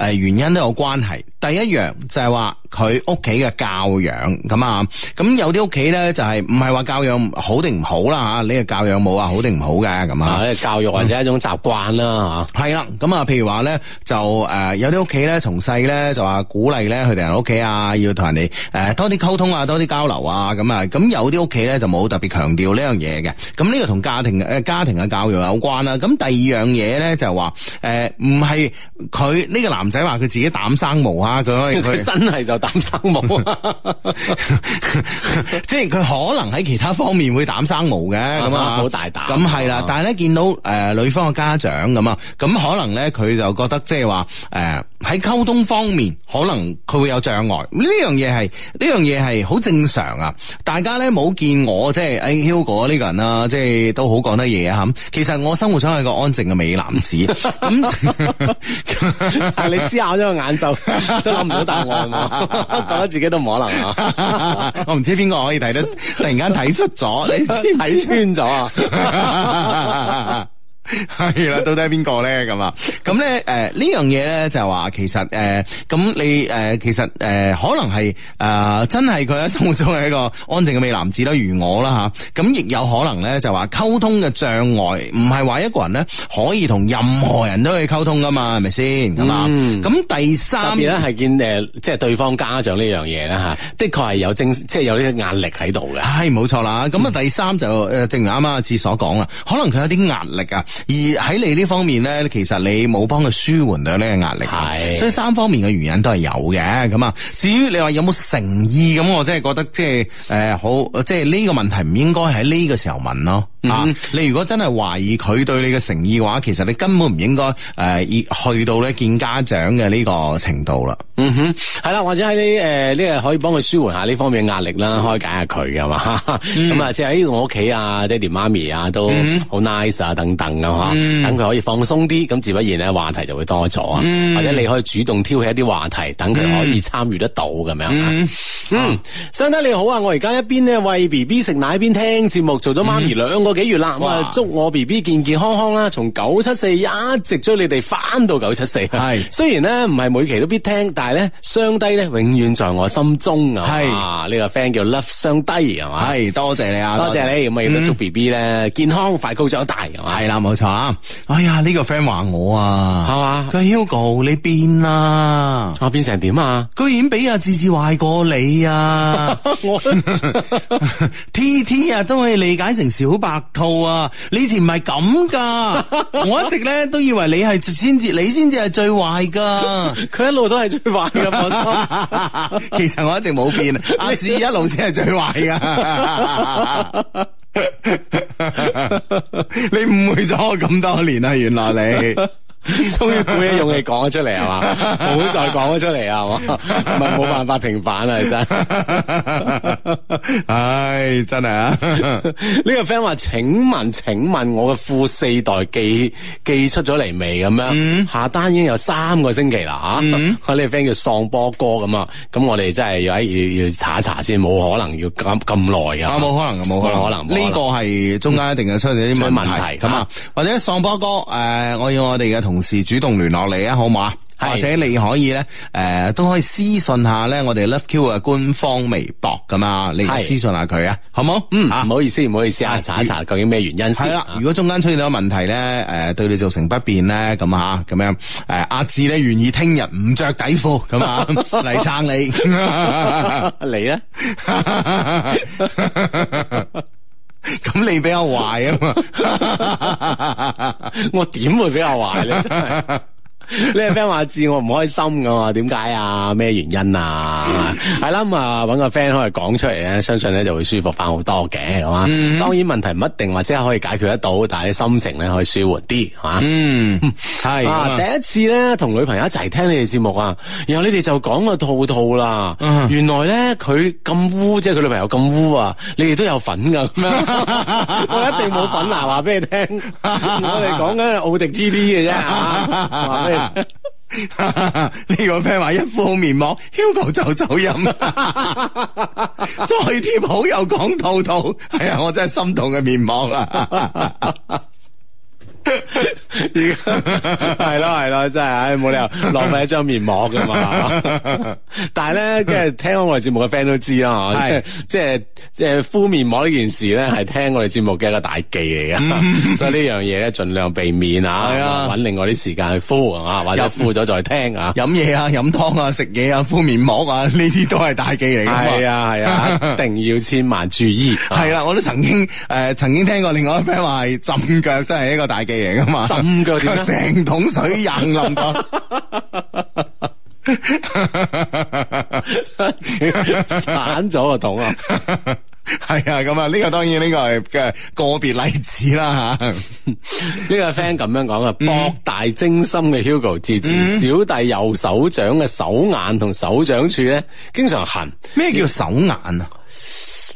誒原因，都有關係。第一樣就係話佢屋企嘅教養咁啊，啊，咁有啲屋企咧就係唔係話教養好定唔好啦吓，呢個教養冇啊好定唔好嘅咁啊。教育或者一種習慣啦吓，係啦。咁啊，譬如話咧就誒有啲屋企咧從細咧就話鼓勵咧佢哋喺屋企啊要同人哋誒多啲溝通啊多啲交流啊咁啊，咁有啲屋企咧就冇特別強調呢樣嘢嘅。咁呢個同家庭誒家庭嘅教育有關啦。咁第二樣嘢咧就係話誒。呃唔係佢呢個男仔話佢自己膽生毛啊！佢可以佢真係就膽生毛， 即係佢可能喺其他方面會膽生毛嘅咁啊，好大膽！咁係啦，但係咧見到誒、呃、女方嘅家長咁啊，咁可能咧佢就覺得即係話誒喺溝通方面可能佢會有障礙呢樣嘢係呢樣嘢係好正常啊！大家咧冇見我即係阿 Hugo 呢個人啦、啊，即係都好講得嘢啊！吓，其實我生活上係個安靜嘅美男子咁。 但你思考咗個眼晝都諗唔到答案，覺 得自己都唔可能啊。 我唔知邊個可以睇得突然間睇出咗，你睇 穿咗了啊！ 係啦， 到底係邊個咧？咁啊， 咁咧，誒呢樣嘢咧就話，其實誒咁你誒，其實誒可能係誒真係佢喺生活中係一個安靜嘅美男子啦，如我啦吓，咁亦有可能咧就話溝通嘅障礙。唔係話一個人咧可以同任何人都去溝通噶嘛，係咪先？咁啊樣，咁、嗯、第三特別咧係見誒，即係對方家長呢樣嘢啦吓，的確係有正，即係有呢個壓力喺度嘅。係冇錯啦，咁啊、嗯嗯、第三就誒正如啱啱阿志所講啦，可能佢有啲壓力啊。而喺你呢方面咧，其實你冇幫佢舒緩到呢個壓力，係是所以三方面嘅原因都係有嘅咁啊。至於你話有冇誠意咁，我真係覺得即係誒、呃，好即係呢個問題唔應該喺呢個時候問咯。Mm hmm. 啊！你如果真係懷疑佢對你嘅誠意嘅話，其實你根本唔應該誒、呃、去到咧見家長嘅呢個程度啦。嗯哼、mm，係啦，或者喺你誒呢個可以幫佢舒緩下呢方面嘅壓力啦，開解下佢嘅嘛。咁、mm hmm. 啊，即係喺我屋企啊，爹哋媽咪啊，都好 nice 啊，等等咁吓，等佢、mm hmm. 可以放鬆啲，咁自不然咧話題就會多咗啊。Mm hmm. 或者你可以主動挑起一啲話題，等佢可以參與得到咁樣。嗯、mm，相睇你好啊！Mm hmm. 好，我而家一邊咧餵 B B 食奶，一邊聽節目，做咗媽咪兩個。個幾月啦。咁啊，祝我 B B 健健康康啦！從九七四一直追你哋翻到九七四，係雖然咧唔係每期都必聽，但係咧雙低咧永遠在我心中啊！係啊，呢個 friend 叫 Love 雙低係嘛？係。多謝你啊，多謝你。咁啊要祝 B B 咧健康快高長大係嘛？係啦，冇錯啊！哎呀，呢個 friend 話我啊係嘛？佢 Yago 你變啦，我變成點啊？居然比阿智智壞過你啊！我 T T 啊都可以理解成小白。套啊！你以前唔係咁噶，我一直咧都以為你係先至，你先至係最壞噶。佢 一路都係最壞噶， 其實我一直冇變。 阿志一路先係最壞噶，你誤會咗我咁多年啊！原來你。終於鼓起勇氣講咗出嚟，係嘛，好 再講咗出嚟係嘛，咪冇 辦法平反啦，真，唉真係啊！呢 個 friend 話， 請問，請問我嘅富四代寄寄，寄出咗嚟未咁樣？下單已經有三個星期啦吓，呢個 friend 叫喪波哥咁啊，咁我哋真係要要，要，要查一查先，冇可能要咁咁耐噶，冇、啊、可能，冇可能，冇可能，呢個係中間一定有出咗啲問題，咁、嗯、啊，或者喪波哥誒、呃，我要我哋嘅同。同時主動聯絡你啊，好唔好啊？是是或者你可以咧，誒、呃，都可以私信下咧，我哋 LoveQ 嘅官方微博咁啊，你私信下佢啊，好唔好？嗯，唔好意思，唔、啊、好意思啊，的查一查究竟咩原因先。啦、呃，如果中間出現咗問題咧，誒、呃，對你造成不便咧，咁啊，咁樣誒，阿志咧願意聽日唔着底褲咁啊嚟撐你。嚟啊！咁你比較壞啊嘛，我點會比較壞咧，真係。你阿 friend 話自我唔開心噶嘛？點解啊？咩原因啊？係啦，咁啊揾個 friend 可以講出嚟咧，相信咧就會舒服翻好多嘅，係嘛？當然問題唔一定話即係可以解決得到，但係你心情咧可以舒緩啲，係嘛？嗯，係第一次咧同女朋友一齊聽你哋節目啊，然後你哋就講個套套啦，原來咧佢咁污，即係佢女朋友咁污啊！你哋都有份噶？我一定冇份啊！話俾你聽，我哋講緊奧迪 T D 嘅啫， 呢個 friend 話一副好面膜，Hugo 就走音， 再貼好又講兔兔，係、哎、啊，我真係心痛嘅面膜啊！ 而家，係咯係咯，真係唉冇理由浪費一張面膜噶嘛。 但係咧，即係聽我哋節目嘅 friend 都知啦，即係即係敷面膜呢件事咧，係聽我哋節目嘅一個大忌嚟噶。嗯、所以呢樣嘢咧，盡量避免啊，揾的另外啲時間去敷啊，或者敷咗再聽啊。飲嘢啊，飲湯啊，食嘢啊，敷面膜啊，呢啲都係大忌嚟嘅。係啊係啊，一定要千萬注意。係啦，我都曾經誒、呃，曾經聽過另外一 friend 話係浸腳都係一個大忌。嘢噶嘛？浸佢成桶水，人淋到，反咗個桶 啊！係啊，咁啊，呢個當然呢個係嘅個別例子啦吓。呢 個 friend 咁樣講啊，博、嗯、大精深嘅 Hugo，之前小弟右手掌嘅手眼同手掌處咧，經常痕。咩叫手眼啊？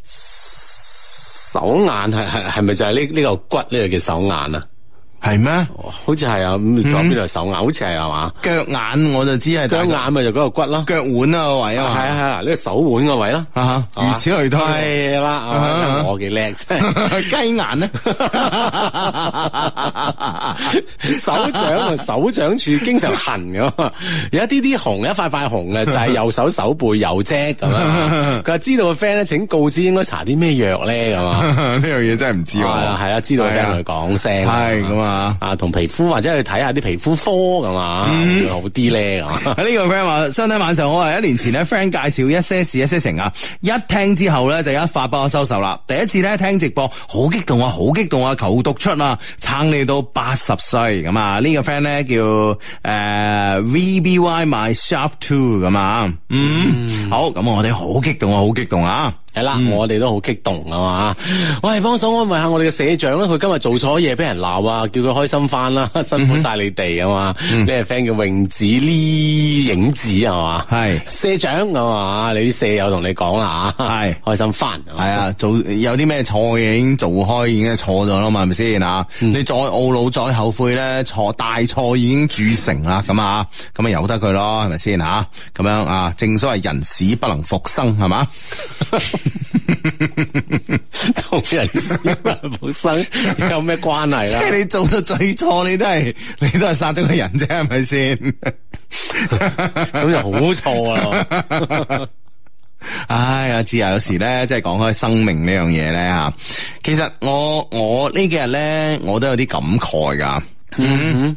手眼係係係咪就係呢呢個骨呢、呢個叫手眼啊？係咩？好似係啊，咁坐邊度手眼，好似係係嘛？腳眼我就知係，腳眼咪就嗰個骨咯。腳腕啊位啊，係係啊，呢個手腕個位啦。如此類推。係啦，我幾叻先。雞眼咧，手掌啊，手掌處經常痕噶，有一啲啲紅，一塊塊紅嘅就係右手手背有啫咁啊。佢話知道個 friend 咧，請告知應該搽啲咩藥咧咁啊。呢樣嘢真係唔知。係啊，係啊，知道聽佢講聲。係咁啊。啊啊，同皮膚或者去睇下啲皮膚科咁啊，會、嗯、好啲咧咁。呢 個 friend 話，相體晚上我係一年前咧，friend 介紹一些事一些情啊，一聽之後咧就一發不可收拾啦。第一次咧聽直播，好激動啊，好激動啊，求讀出啊，撐你到八十歲咁啊。呢、這個 friend 咧叫誒 VBY m y s h l f t w o 咁啊。嗯，嗯好，咁我哋好激動啊，好激動啊。係啦，我哋都好激動啊嘛！喂，幫手安慰下我哋嘅社長啦，佢今日做錯嘢，俾人鬧啊，叫佢開心翻啦，辛苦晒你哋啊嘛！你係 friend 叫泳子呢影子係嘛？係社長啊嘛，你啲社友同你講啦啊，係是開心翻，係啊，嗯、做有啲咩錯嘢已經做開，已經錯咗啦嘛，係咪先吓？嗯、你再懊惱再後悔咧，錯大錯已經鑄成啦，咁啊，咁啊由得佢咯，係咪先吓？咁樣啊，正所謂人死不能復生，係嘛？ 同 人生生，有咩關係啦？即係你做到最錯，你都係你都係殺咗個人啫，係咪先？咁 就好錯啊！哎 呀，知啊，有時咧，即係講開生命呢樣嘢咧吓，其實我我幾呢幾日咧，我都有啲感慨噶。嗯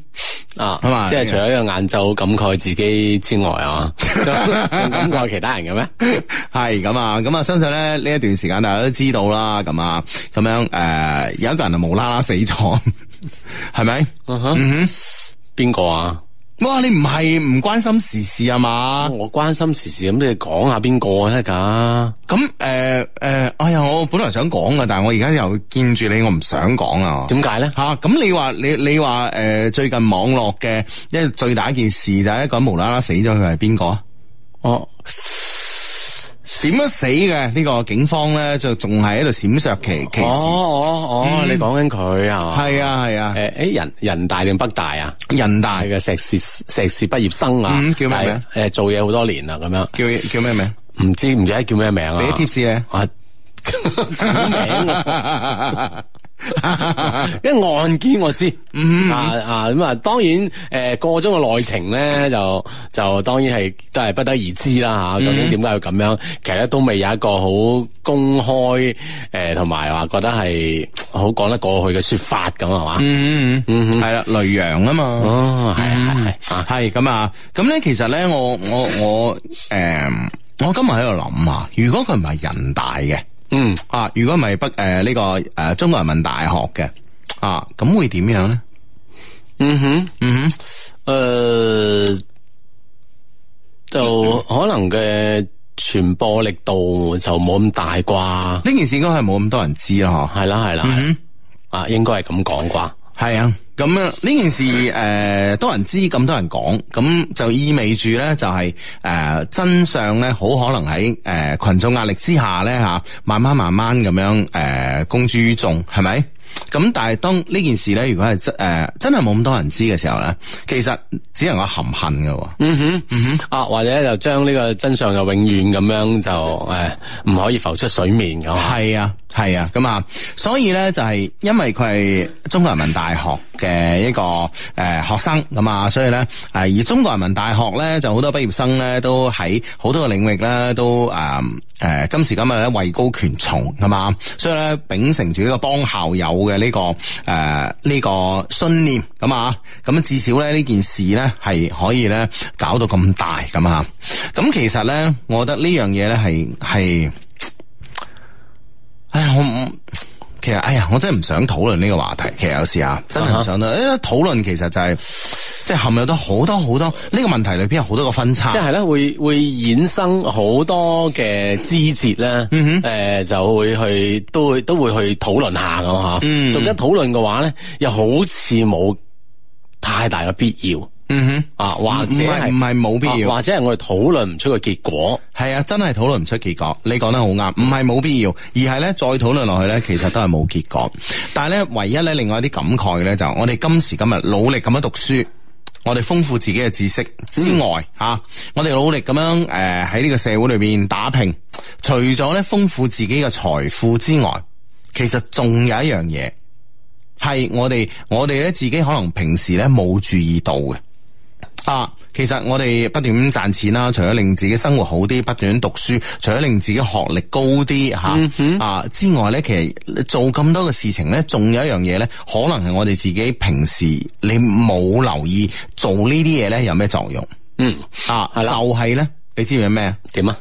啊，係咪即係除咗呢個晏晝感慨自己之外啊，仲感慨其他人嘅咩？係咁 啊，咁啊，相信咧呢一段時間大家都知道啦，咁啊，咁樣誒，有一個人就無啦啦死咗，係咪？嗯哼，邊個、嗯、哼啊？哇！你唔係唔關心時事啊嘛、哦？我關心時事，咁你講下邊個先得噶？咁誒誒，哎呀！我本來想講噶，但係我而家又見住你，我唔想講啊！點解咧？吓、嗯、咁你話你你話誒、呃，最近網絡嘅一最大一件事就係、是、一個人無啦啦死咗，佢係邊個啊？哦。點樣死嘅呢？這個警方咧就仲係喺度閃爍其其詞哦哦哦，哦哦嗯、你講緊佢啊？係啊係啊。誒誒、啊，人人大定北大啊？人大嘅碩士碩士畢業生啊？嗯、叫咩名？誒，做嘢好多年啦，咁樣。叫叫咩名？唔知唔記得叫咩名啦，啊。俾啲貼士咧。改 名，啊。 因案件我先嗯嗯啊啊咁啊，當然誒個、呃、中嘅內情咧，就就當然係都係不得而知啦，吓、啊。究竟點解要咁樣？其實都未有一個好公開誒，同埋話覺得係好講得過去嘅說法，咁係嘛？嗯嗯嗯係啦，雷洋啊嘛，哦係係係係咁啊咁咧，其實咧我我我誒，我今日喺度諗啊，如果佢唔係人大嘅。嗯啊，如果唔係北誒呢、呃這個誒、呃、中國人民大學嘅啊，咁會點樣咧？嗯哼，嗯哼，誒、呃，就可能嘅傳播力度就冇咁大啩。呢件事應該係冇咁多人知咯，係啦、啊，係啦、啊，啊，嗯、哼啊，應該係咁講啩，係啊。咁啊！呢件事誒、呃，多人知，咁多人講，咁就意味住咧、就是，就係誒真相咧，好可能喺誒、呃、群眾壓力之下咧吓、啊、慢慢慢慢咁樣誒公諸於眾，係咪？咁但係當呢件事咧，如果係、呃、真誒真係冇咁多人知嘅時候咧，其實只能夠含恨嘅。個呃、嗯哼，嗯哼，啊或者就將呢個真相就永遠咁樣就誒唔可以浮出水面嘅。係啊，係啊，咁啊，所以咧就係因為佢係中國人民大學嘅一個誒學生，咁啊，所以咧誒、呃、而中國人民大學咧就好多畢業生咧都喺好多嘅領域咧都誒誒、呃呃、今時今日咧位高權重，係嘛，所以咧秉承住呢個幫校友。嘅呢、呢個誒呢、呃呢個信念，咁啊，咁啊至少咧呢件事咧係可以咧搞到咁大，咁啊，咁其實咧，我覺得呢樣嘢咧係係，哎呀，我。唔。其實哎呀，我真係唔想討論呢個話題。其實有時啊，真係唔想討論。誒，討論其實就係即係含有咗好多好多呢、這個問題裏邊有好多個分叉，即係咧會會衍生好多嘅枝節咧。誒、嗯哼呃、就會去都會都會去討論下咁嗬。嗯，逐一討論嘅話咧，又好似冇太大嘅必要。嗯哼，啊，或者係唔係冇必要，或者係、啊、我哋討論唔出個結果，係啊，真係討論唔出結果。你講得好啱，唔係冇必要，而係咧再討論落去咧，其實都係冇結果。但係咧，唯一咧另外一啲感慨嘅咧，就係我哋今時今日努力咁樣讀書，我哋豐富自己嘅知識之外，吓、啊、我哋努力咁樣誒喺呢個社會裏邊打拼，除咗咧豐富自己嘅財富之外，其實仲有一樣嘢係我哋我哋咧自己可能平時咧冇注意到嘅。啊，其實我哋不斷咁賺錢啦，除咗令自己生活好啲，不斷咁讀書，除咗令自己學歷高啲吓，啊,、嗯、哼啊之外呢，其實做咁多嘅事情呢，仲有一樣嘢呢，可能係我哋自己平時你冇留意做呢啲嘢呢有咩作用？嗯，啊，的就係呢，你知唔知咩啊？點啊？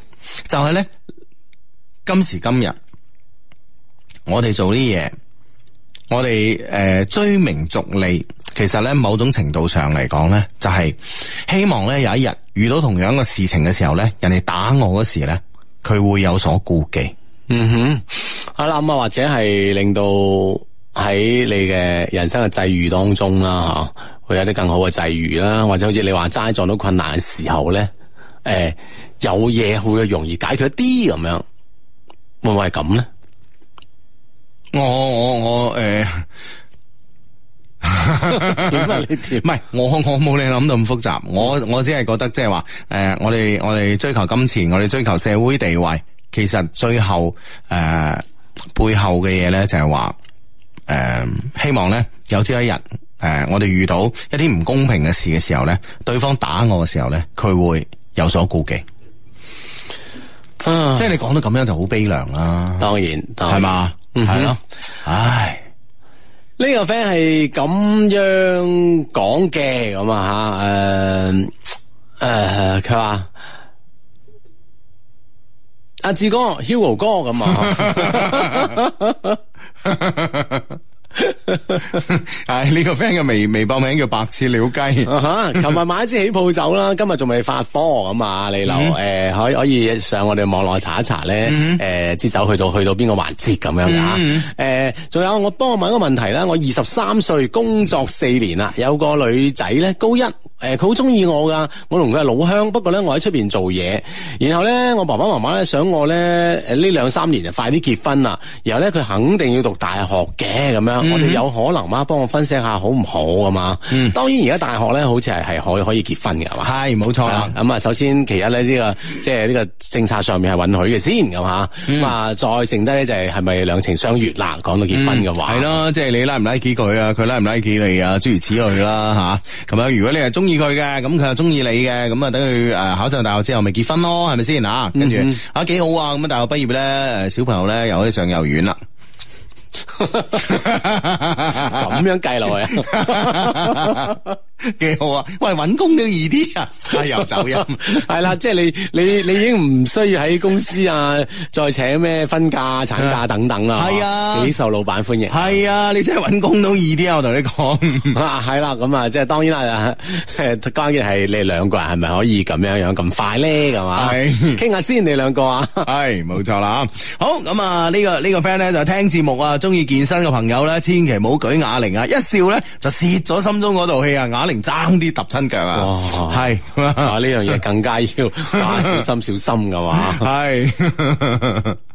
就係呢，今時今日我哋做呢嘢。我哋誒追名逐利，其實咧，某種程度上嚟講咧，就係希望咧，有一日遇到同樣嘅事情嘅時候咧，人哋打我時咧，佢會有所顧忌嗯。嗯哼，好啦咁啊，或者係令到喺你嘅人生嘅際遇當中啦吓，會有啲更好嘅際遇啦，或者好似你話齋撞到困難嘅時候咧，誒有嘢會容易解決一啲咁樣，會唔會係咁咧？我我我誒，點解你點唔係？我我冇你諗到咁複雜。我我只係覺得，即係話誒，我哋我哋追求金錢，我哋追求社會地位，其實最後誒、呃、背後嘅嘢咧，就係話誒希望咧有朝一日誒、呃，我哋遇到一啲唔公平嘅事嘅時候咧，對方打我嘅時候咧，佢會有所顧忌。啊、即係你講到咁樣就好悲涼啦、啊。當然，係嘛？嗯，係咯、嗯哼，唉，呢個 friend 係咁樣講嘅，咁啊吓，誒，誒，佢話阿志哥、Hugo 哥咁啊。係 呢、哎這個 friend 嘅微微博名叫白切鳥雞，琴 日、啊、買一支起泡酒啦，今日仲未發貨咁啊！你留誒，可以可以上我哋網絡查一查咧，誒、mm，支、hmm. 呃、酒去到去到邊個環節咁樣嘅誒，仲、mm hmm. 呃、有我幫我問一個問題啦，我二十三歲，工作四年啦，有個女仔咧，高一。誒，佢好中意我㗎，我同佢係老鄉。不過咧，我喺出邊做嘢。然後咧，我爸爸媽媽咧想我咧，誒呢兩三年就快啲結婚啦。然後咧，佢肯定要讀大學嘅咁樣。嗯、我哋有可能嗎、啊？幫我分析下好唔好啊嘛？嗯，當然而家大學咧，好似係係可可以結婚嘅係嘛？係、嗯，冇錯啦。咁啊，首先其一咧呢、這個即係呢個政策上面係允許嘅先，係嘛？咁啊，嗯、再剩低咧就係係咪兩情相悅啦？講到結婚嘅話，係咯、嗯，即係、就是、你拉唔拉起佢啊，佢拉唔拉起你啊，諸如此類啦吓。咁樣、嗯、如果你係中中意佢嘅，咁佢又中意你嘅，咁啊等佢誒考上大學之後咪結婚咯，係咪先吓，跟住啊幾好啊，咁啊大學畢業咧，誒小朋友咧又可以上幼兒園啦。咁樣計落去。 幾好啊！喂，搵工都易啲啊，又走音！係啦， 即係你你你已經唔需要喺公司啊， 再請咩婚假、產假等等啦，係啊，幾、 啊、受老闆歡迎，係啊，你真係搵工都易啲啊！我同你講，係啦，咁啊，啊即係當然啦，誒，關鍵係你兩個人係咪可以咁樣這樣咁快咧，咁嘛、 啊？傾下先，你兩個啊，係， 冇錯啦，好，咁啊、這個，這個、呢個呢個 friend 咧就聽節目啊，中意健身嘅朋友咧，千祈唔好舉啞鈴啊，一笑咧就泄咗心中嗰道氣啊，啞。零爭啲揼親腳啊！係啊，呢樣嘢更加要啊，小心小心噶嘛，係 是。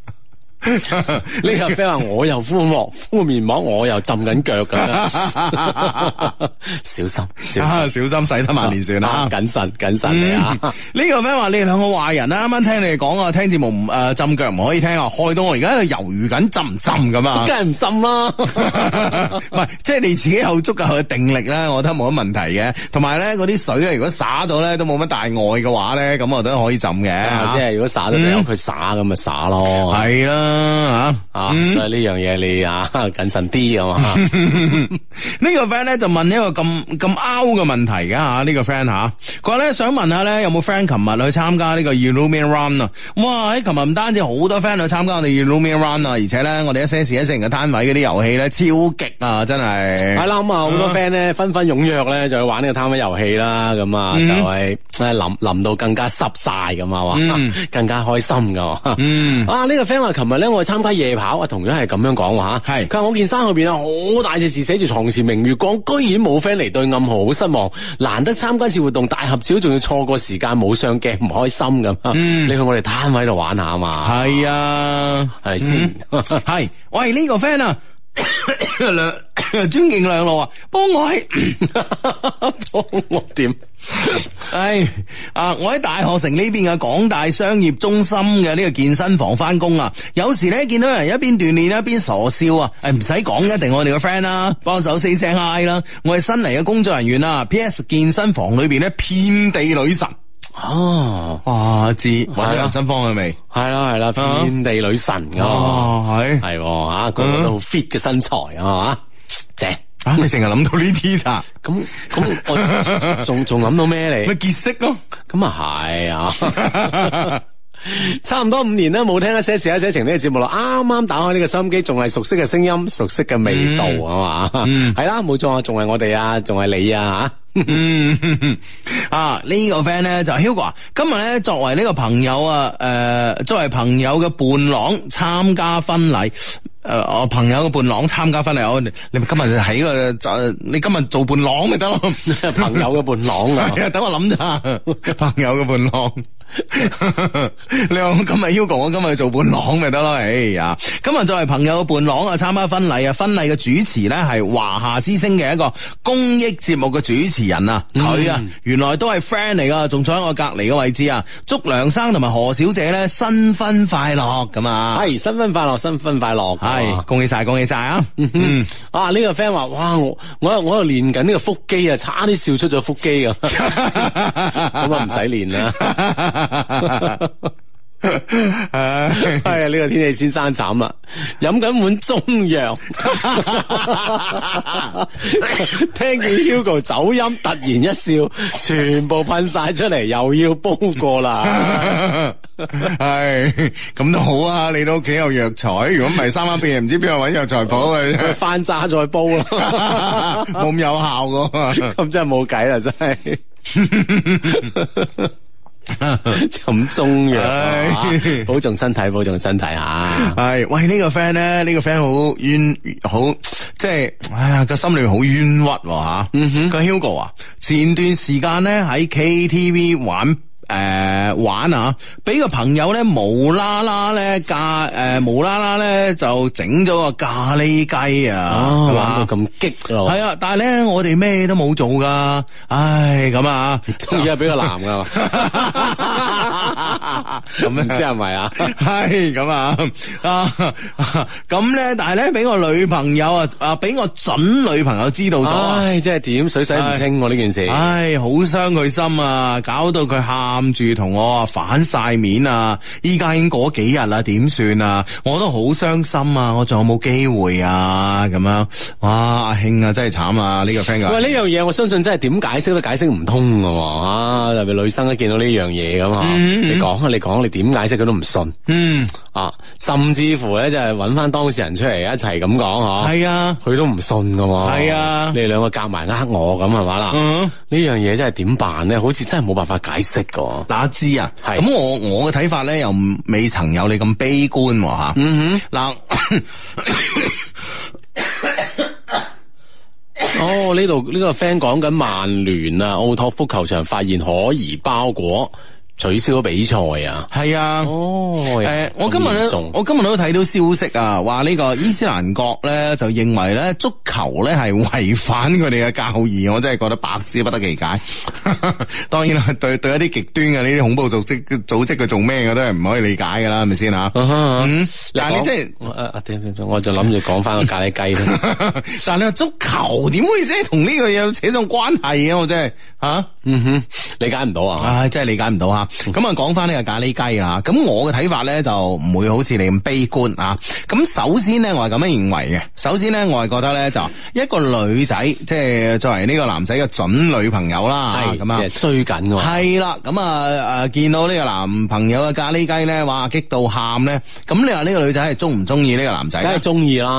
呢 個 friend 話我又敷膜敷面膜，我又浸緊腳咁樣，小心小心小心洗得萬年算啦，謹慎謹慎你啊！呢個 friend 話你哋兩個壞人啦，啱啱聽你哋講啊，聽節目唔誒浸腳唔可以聽啊，害到我而家喺度猶豫緊浸唔浸咁啊！梗係唔浸啦，唔係 即係你自己有足夠嘅定力咧，我覺得冇乜問題嘅。同埋咧，嗰啲水咧，如果灑到咧都冇乜大礙嘅話咧，咁我覺得可以浸嘅。即係 如果灑得有佢灑咁咪灑咯，係啦、嗯。 啊 啊，所以呢樣嘢你啊謹慎啲啊嘛。呢 個 friend 咧就問一個咁咁 out 嘅問題嘅吓，呢、啊這個 friend 吓，佢、啊、咧想問下咧、啊、有冇 friend 琴日去參加呢個 Illuminate Run 啊？哇！喺琴日唔單止好多 friend 去參加我哋 Illuminate Run 啊，而且咧我哋一些事一些人嘅攤位嗰啲遊戲咧超極啊，真係。係啦，咁啊好多 friend 咧紛紛踴躍咧就去玩呢個攤位遊戲啦，咁啊就係誒淋淋到更加濕晒咁啊嘛，更加開心噶。啊呢、啊啊這個 friend 話琴日。啊啊啊那個 咧我去參加夜跑，同樣係咁樣講喎嚇。佢話係我件衫後邊啊好大隻字寫住「床前明月光」，居然冇 friend 嚟對暗號，好失望。難得參加次活動大合照，仲要錯過時間冇上鏡，唔開心咁。嗯、你去我哋攤位度玩下嘛？係啊，係先？係喂呢、呢個 friend 啊！ 尊敬兩路啊，幫我，幫 我點怎？哎 啊，我喺大學城呢邊嘅廣大商業中心嘅呢個健身房翻工啊，有時咧見到人一邊鍛煉一邊傻笑啊，誒唔使講一定我哋嘅 friend 啦，幫手 say 聲 hi 啦，我係新嚟嘅工作人員啊。PS 健身房裏邊咧遍地女神。哦，我知啊、哇！知玩得人生方向未？係啦係啦，啊、遍地女神噶，係係、哦，吓，個、啊個個都好 fit 嘅身材啊嘛，正啊！你成日諗到呢啲咋？咁咁我仲仲諗到咩嚟，咪 你結識咯，咁啊係啊。 差唔多五年啦，冇聽一寫事一寫情呢個節目啦。啱啱打開呢個收音機，仲係熟悉嘅聲音，熟悉嘅味道啊嘛。係啦、嗯，冇錯 啊，仲係我哋啊，仲係你啊吓。啊，這個、呢個 friend 咧就 Hugo，、啊、今日咧作為呢個朋友啊，誒、呃，作為朋友嘅伴郎參加婚禮。誒、呃，我朋友嘅伴郎參加婚禮，我你，你今日喺、這個，你今日做伴郎咪得咯？朋友嘅伴郎啊，等我諗咋，朋友嘅伴郎。 你話今日邀我今日做伴郎咪得咯？哎呀，今日作為朋友嘅伴郎啊，參加婚禮啊，婚禮嘅主持咧係華夏之星嘅一個公益節目嘅主持人啊，佢啊、嗯，原來都係 friend 嚟噶，仲坐喺我隔籬嘅位置啊。祝梁生同埋何小姐咧新婚快樂咁啊！係新婚快樂，新婚快樂，係、哎、恭喜晒，恭喜晒啊、嗯啊這個！哇，呢個 friend 話哇，我我我又練緊呢個腹肌啊，差啲笑出咗腹肌啊，咁啊唔使練啦。 係 啊、哎！呢、哎、個天氣先生慘啦，飲緊碗中藥， 聽見 Hugo 走音，突然一笑，全部噴晒出嚟，又要煲過啦。係咁都好啊！你屋企有藥材，如果唔係三晚四，唔知邊度搵藥材去翻炸再煲啊。冇咁 有效噶、啊、咁 真係冇計啦，真係。 飲中藥，保重身體，保重身體吓、啊。係喂、這個、呢、這個 friend 咧，呢個 friend 好冤，好即係，哎呀個心裏好冤屈吓、啊。嗯哼，個 Hugo 啊，前段時間咧喺 KTV 玩。誒、呃，玩啊！俾個朋友咧，無啦啦咧咖，誒無啦啦咧就整咗個咖喱雞啊，吧玩到咁激咯！係啊，但係咧我哋咩都冇做噶，唉咁啊！即係而家俾個男噶，咁唔知係咪啊？係咁啊！啊咁咧，但係咧俾我女朋友啊啊俾我準女朋友知道咗，唉，即係點水洗唔清我、啊、呢件事，唉，好傷佢心啊，搞到佢喊。跟住同我反晒面啊！依家已經過咗幾日啦，點算啊？我都好傷心啊！我仲有冇機會啊？咁樣，哇，阿慶啊，真係慘啊！呢個 friend 喂，呢樣嘢我相信真係點解釋都解釋唔通噶，吓，特別女生一見到呢樣嘢噶吓，你講啊，你講，你點解釋佢都唔信，嗯啊，甚至乎咧就係搵翻當事人出嚟一齊咁講吓，係啊，佢都唔信噶，係啊，你哋兩個夾埋呃我咁係嘛啦？呢樣嘢真係點辦咧？好似真係冇辦法解釋噶。嗱、啊、知啊？咁是、啊、我我嘅睇法咧，又未曾有你咁悲觀吓。啊、嗯哼，嗱，哦呢度呢個 friend 講緊曼聯啊，奧、 哦這個、托福球場發現可疑包裹。取消比賽啊！係啊，哦，誒，我今日都我今日都睇到消息啊，話呢個伊斯蘭國咧就認為咧足球咧係違反佢哋嘅教義，我真係覺得百思不得其解。當然啦，對對一啲極端嘅呢啲恐怖組織組織佢做咩，嘅都係唔可以理解噶啦，係咪先啊？但你即係，我就諗住講翻個咖喱雞。但係你話足球點會即係同呢個嘢扯上關係嘅？我真係吓，嗯哼，理解唔到啊！真係理解唔到吓。咁啊，講翻呢個咖喱雞啦。咁我嘅睇法咧就唔會好似你咁悲觀啊。咁首先咧，我係咁樣認為嘅。首先咧，我係覺得咧，就一個女仔，即係作為呢個男仔嘅準女朋友啦。係咁啊，樣追緊嘅但。係啦。咁啊，誒，見到呢個男朋友嘅咖喱雞咧，話，激到喊咧。咁你話呢個女仔係中唔中意呢個男仔？梗係中意啦，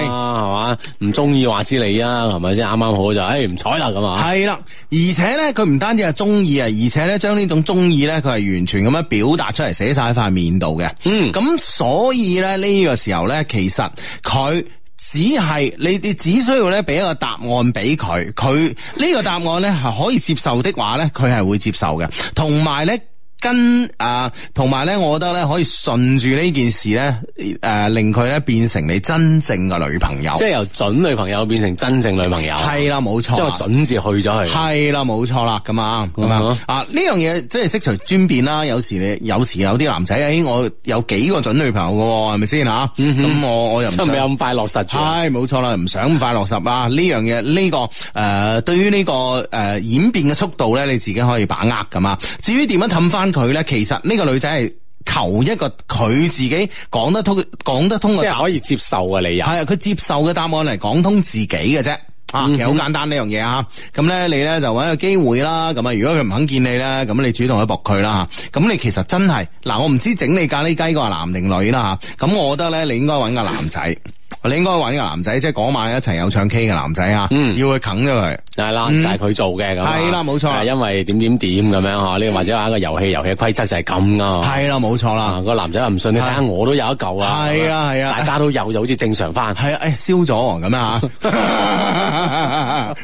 係嘛是？唔中意話之你啊，係咪先？啱啱好就，誒、欸，唔睬啦咁啊。係啦，而且咧，佢唔單止係中意啊，而且咧，將呢種中意。呢佢係完全咁樣表達出嚟，寫晒喺塊面度嘅。嗯，咁所以呢，呢個時候呢，其實佢只係你你只需要呢，俾一個答案俾佢，佢呢個答案呢，係可以接受的話呢，佢係會接受嘅，同埋呢。跟啊，同埋咧，我覺得咧可以順住呢件事咧，誒，令佢咧變成你真正嘅女朋友，即係由準女朋友變成真正女朋友，係啦，冇錯，即係準字去咗去，係啦，冇錯啦，咁啊，咁啊，啊呢樣嘢即係色彩轉變啦，有時你有時有啲男仔，誒，我有幾個準女朋友嘅，係咪先吓？咁我我又唔想咁快落實，係冇錯啦，唔想咁快落實啊！呢樣嘢呢個誒，對於呢個誒演變嘅速度咧，你自己可以把握嘅嘛，至於點樣氹翻？佢咧，其實呢個女仔係求一個佢自己講得通、講得通嘅，即係可以接受嘅理由。係啊，佢接受嘅答案嚟，講通自己嘅啫。嗯、哼啊，其實好簡單呢樣嘢啊。咁咧，你咧就搵個機會啦。咁啊，如果佢唔肯見你咧，咁你主動去駁佢啦。吓、啊，咁、嗯啊、你其實真係嗱、啊，我唔知整你咖喱雞個係男定女啦。吓、啊，咁、啊啊、我覺得咧，你應該搵個男仔。嗯你應該揾個男仔，即係嗰晚一齊有唱 K 嘅男仔啊！要去啃咗佢，係啦，就係佢做嘅咁。係啦，冇錯，因為點點點咁樣吓，呢個或者話個遊戲遊戲規則就係咁啊！係啦，冇錯啦。個男仔又唔信，你睇下我都有一嚿啊！係啊係啊，大家都有就好似正常翻。係啊，誒燒咗咁啊！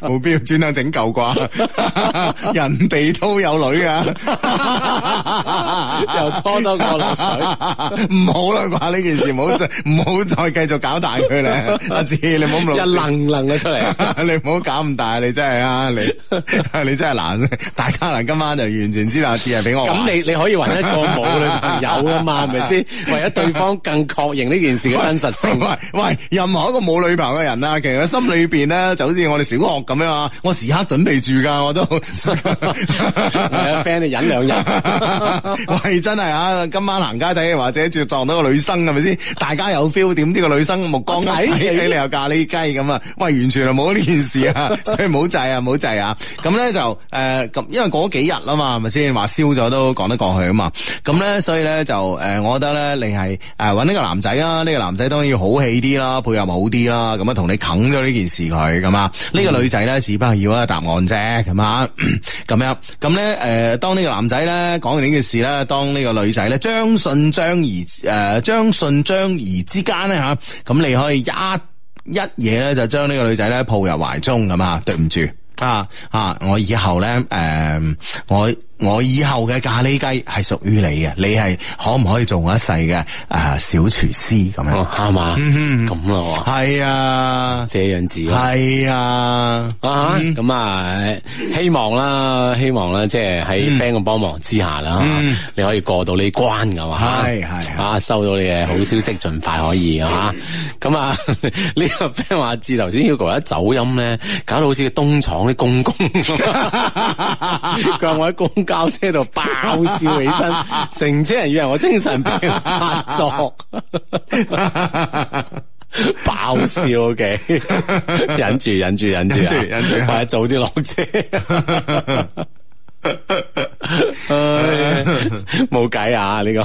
冇必要專登整嚿啩，人哋都有女啊，又拖多個落水，唔好啦，啩。呢件事，唔好再唔好再繼續搞大。阿志， 你冇咁一愣愣佢出嚟， 你唔好搞咁大，你真係啊，你你真係難， 大家嗱，今晚就完全知難處知道阿志係俾我。咁 你你可以為一個冇女朋友啊嘛，係咪先？為咗對方更確認呢件事嘅真實性喂，喂，喂，任何一個冇女朋友嘅人啦、啊，其實心裏邊咧就好似我哋小學咁樣、啊，我時刻準備住噶，我都 friend 你忍兩日，喂，真係啊！今晚行街睇或者住撞到個女生係咪先？大家有 feel 點？呢個女生目講緊，你又咖喱啲雞咁啊？喂，完全係冇呢件事啊，所以唔好制啊，唔好 制啊！咁咧就誒咁、呃，因為過幾日啦嘛，係咪先話燒咗都講得過去啊嘛？咁咧，所以咧就誒、呃，我覺得咧，你係誒揾呢個男仔啊，呢、這個男仔當然要好氣啲啦，配合好啲啦，咁啊同你啃咗呢件事佢咁啊，呢、嗯、個女仔咧，只不過要一個答案啫，咁、呃呃、啊，咁樣咁咧誒，當呢個男仔咧講完呢件事咧，當呢個女仔咧將信將疑誒將信將疑之間咧嚇咁你。可以一一嘢咧，就將呢個女仔咧抱入懷中，咁啊，對唔住。啊啊！我以後咧，誒，我我以後嘅咖喱雞係屬於你嘅，你係可唔可以做我一世嘅誒小廚師咁樣，係嘛？咁咯喎，係啊，這樣子，係啊，咁啊，希望啦，希望啦，即係喺 friend 嘅幫忙之下啦，你可以過到呢關㗎嘛。係係啊，收到你嘅好消息，盡快可以啊，咁啊，呢個 friend 話自頭先要講一走音咧，搞到好似個東廠。啲公公，佢話 我喺公交車度爆笑起身，成車人以為我精神病發作， 爆笑嘅的， 忍住，忍住，忍住、啊忍住，忍住、啊，或者早啲落車，冇 計、 呃、啊！呢、這個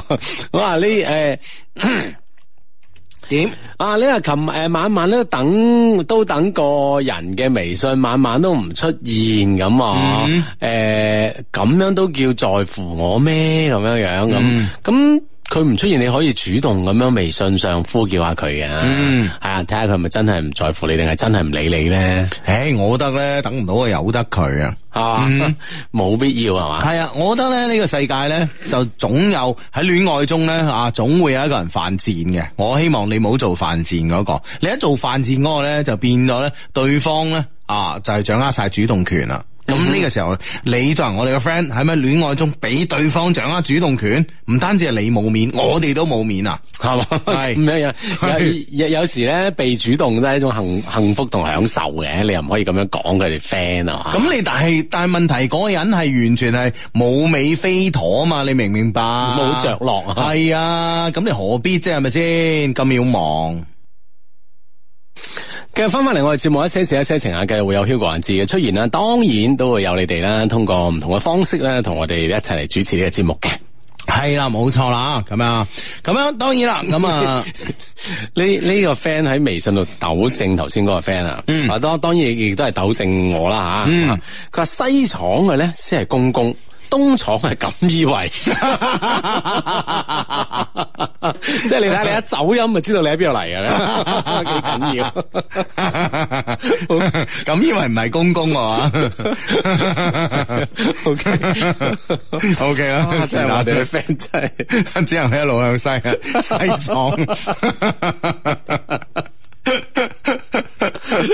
好啊，呢 誒。點啊！你話琴誒晚，呃、晚都等，都等個人嘅微信，晚晚都唔出現咁啊！誒、mm，咁、hmm. 呃、樣都叫在乎我咩？咁樣樣咁咁。Mm hmm. 佢唔出現，你可以主動咁樣微信上呼叫下佢嘅，嗯、啊，睇下佢係咪真係唔在乎你，定係真係唔理你咧？誒、欸，我覺得咧等唔到啊，由得佢啊，係嘛，冇必要係嘛。係 啊，我覺得咧呢、呢個世界咧就總有喺戀愛中咧啊，總會有一個人犯賤嘅。我希望你冇做犯賤嗰、嗰個，你一做犯賤嗰個咧，就變咗咧對方咧啊，就係、是、掌握晒主動權啦。咁呢個時候，你作為我哋嘅 friend 喺咪戀愛中，俾對方掌握主動權，唔單止係你冇面，我哋都冇面啊，係嘛 是？係咁 樣，有有有時咧，被主動都係一種幸幸福同享受嘅，你又唔可以咁樣講佢哋 friend 啊？咁你但係但係問題，嗰個人係完全係冇尾飛陀啊嘛？你明唔明白？冇着落係啊？咁、啊、你何必啫？係咪先咁渺茫？繼續翻翻嚟我哋節目一些事一些情啊，繼續會有香港人字嘅出現啦，當然都會有你哋啦，通過唔同嘅方式咧，同我哋一齊嚟主持呢個節目嘅。係啦，冇錯啦，咁樣，咁樣，當然啦，咁啊，呢呢 你、 呢個 friend 喺微信度糾正頭先嗰個 friend 啊，啊，當當然亦都係糾正我啦吓，佢話西廠嘅咧先係公公。東廠係咁以為， 即係你睇你一走音咪知道你喺邊度嚟嘅咧，幾緊要。咁 以為唔係公公啊？O K O K 啦，哪 ans, 我哋嘅 friend 真係只能喺一路向西，西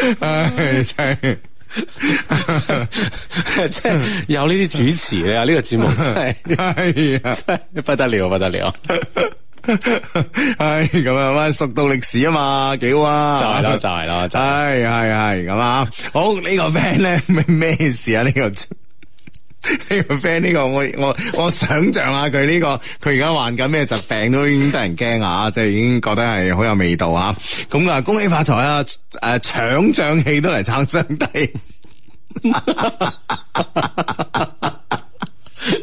廠、 哎。真。即 係有呢啲主持咧，呢、這個節目真係 真係不得了，不得了。係咁啊，熟到歷史啊嘛，幾好啊。就係咯，就係、是、咯，係係係咁啊。好、這個、呢個 friend 咧咩事啊？呢、這個。呢個 friend 呢、呢個我我我想象下佢、呢、呢個佢而家患緊咩疾病都已經得人驚啊！即係已經覺得係好有味道啊！咁啊恭喜發財啊！誒，搶漲氣都嚟撐上帝，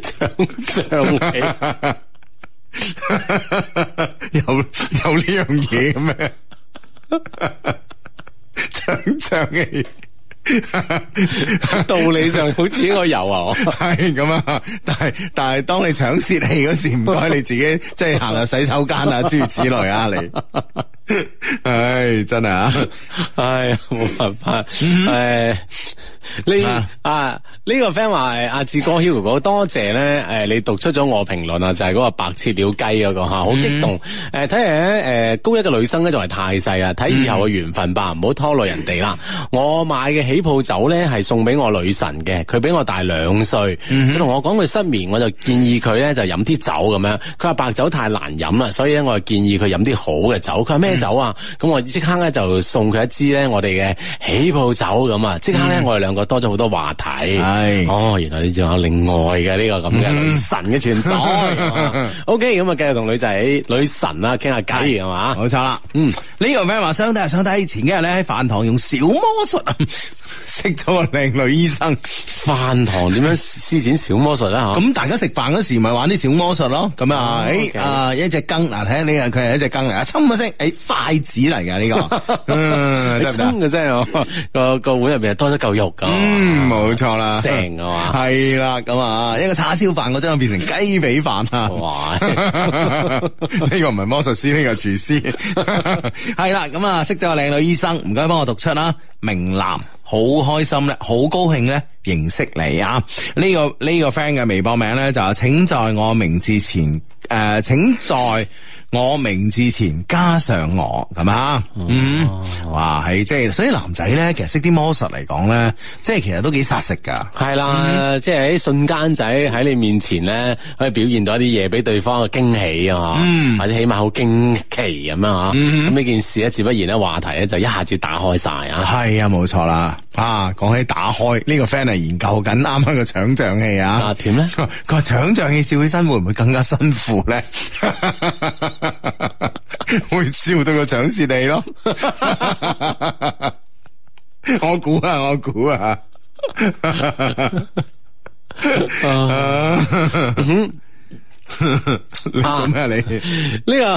搶漲氣有有呢樣嘢嘅咩？搶漲氣。 道理上好似個油啊，係咁 啊！但係但係，當你搶洩氣嗰時，唔該你自己，即係行入洗手間啊，諸 如此類啊，你， 哎啊、唉，真係啊，唉，冇辦法， 唉。 你啊呢、啊，這個 friend 話阿志哥 Hugo 多謝咧。誒、啊、你讀出咗我評論啊就係、是、嗰個白切鳥雞嗰個吓，好激動誒睇嚟，誒高一嘅女生咧就係太細啊，睇以後嘅緣分吧，唔好、mm hmm. 拖累人哋啦。我買嘅起泡酒咧係送俾我女神嘅，佢比我大兩歲，佢同我講佢失眠，我就建議佢咧就飲啲酒，咁樣佢話白酒太難飲啦，所以咧我就建議佢飲啲好嘅酒，佢話咩酒啊？咁、mm hmm. 我即刻咧就送佢一支咧我哋嘅起泡酒，咁啊即刻咧我哋兩多咗好多話題，係哦，原來你仲有另外嘅呢個咁嘅女神嘅存在。O K，咁啊，繼續同女仔女神啦，傾下偈，如係嘛，冇錯啦。嗯，呢個咩話？雙弟啊，雙弟，前幾日咧喺飯堂用小魔術啊，識咗個靚女醫生。飯堂點樣施展小魔術咧？咁大家食飯嗰時咪玩啲小魔術咯。咁啊，誒，啊，一隻羹，嗱，睇下呢個佢係一隻羹嚟，一抽一聲，誒，筷子嚟噶呢個，真嘅啫，個個碗入邊多咗嚿肉。嗯，冇錯啦，個 個成啊，係啦，咁啊，一個叉燒飯我將佢變成雞髀飯啊，呢個唔係魔術師，呢、 嗯、個廚師，係啦，咁啊，識咗個靚女醫生，唔該幫我讀出啦，明男，好開心咧，好高興咧，認識你啊，呢、這個呢、這個 friend 嘅微博名咧就係、請在我名之前。誒、呃，請在我名字前加上我，係咪啊？嗯，哇，係即係，所以男仔咧，其實識啲魔術嚟講咧，即係其實都幾殺食噶。係啦、啊，嗯、即係喺瞬間仔喺你面前咧，可以表現到一啲嘢俾對方嘅驚喜啊，嗯、或者起碼好驚奇咁啊，咁呢、嗯、件事咧，自不然咧，話題咧就一下子打開晒啊。係啊，冇錯啦。啊，講起打開呢、這個 friend 係研究緊啱啱個腸脹氣啊。啊，點咧？佢話腸脹氣笑起身會唔會更加辛苦？咧 會笑到個腸泄地咯 我估下，我估啊，我估啊，你做咩？你、呢個、呢個呢、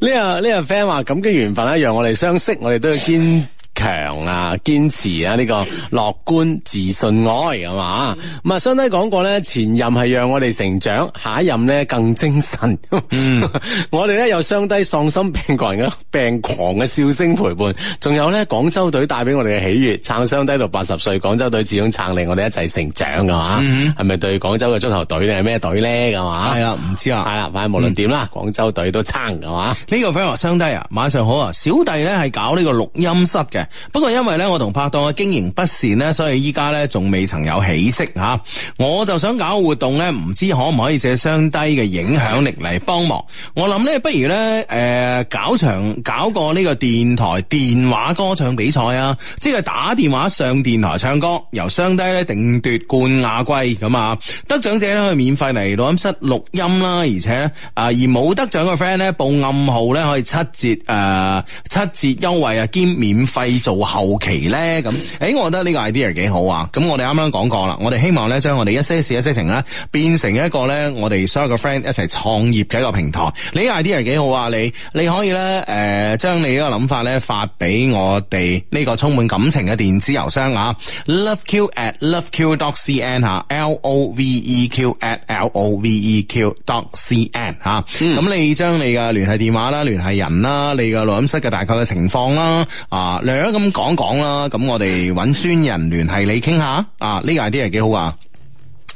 呢個呢個 friend 話咁嘅緣分一樣，我哋相識，我哋都要堅。強啊！堅持啊！呢個樂觀、自信、愛，係嘛？咁啊，雙低講過咧，前任係讓我哋成長，下一任咧更精神。我哋咧有雙低喪心病狂嘅病狂嘅笑聲陪伴，仲有咧廣州隊帶俾我哋嘅喜悅，撐雙低到八十歲，廣州隊始終撐你，我哋一齊成長，㗎嘛？係咪對廣州嘅足球隊定係咩隊咧？係嘛？係啦，唔知啊。係啦，反正無論點啦，廣州隊都撐，㗎嘛？呢個 friend 雙低啊，晚上好啊，小弟咧係搞呢個錄音室嘅。不過因為咧，我同拍檔嘅經營不善咧，所以依家咧仲未曾有起色吓。我就想搞活動咧，唔知可唔可以借雙低嘅影響力嚟幫忙？我諗咧，不如咧，誒、呃，搞場搞個呢個電台電話歌唱比賽啊！即係打電話上電台唱歌，由雙低咧定奪冠亞季咁啊！得獎者咧可以免費嚟錄音室錄音啦，而且啊，而冇得獎嘅 friend 咧報暗號咧可以七折誒、呃，七折優惠啊，兼免費。做後期咧咁，誒，我覺得呢個 idea 幾好啊！咁我哋啱啱講過啦，我哋希望咧將我哋一些事一些情咧，變成一個咧我哋所有嘅 friend 一齊創業嘅一個平台。你 idea 幾好啊？你，你可以咧誒、呃，將你呢個諗法咧發俾我哋呢個充滿感情嘅電子郵箱啊，loveq@loveq.cn at dot Love 吓、啊，l o v e q at l o v e q dot c n 吓、啊，咁、嗯嗯、你將你嘅聯繫電話啦、聯繫人啦、你嘅錄音室嘅大概嘅情況啦啊。如果咁講講啦，咁我哋揾專人聯繫你傾下啊，呢個 idea 幾好啊？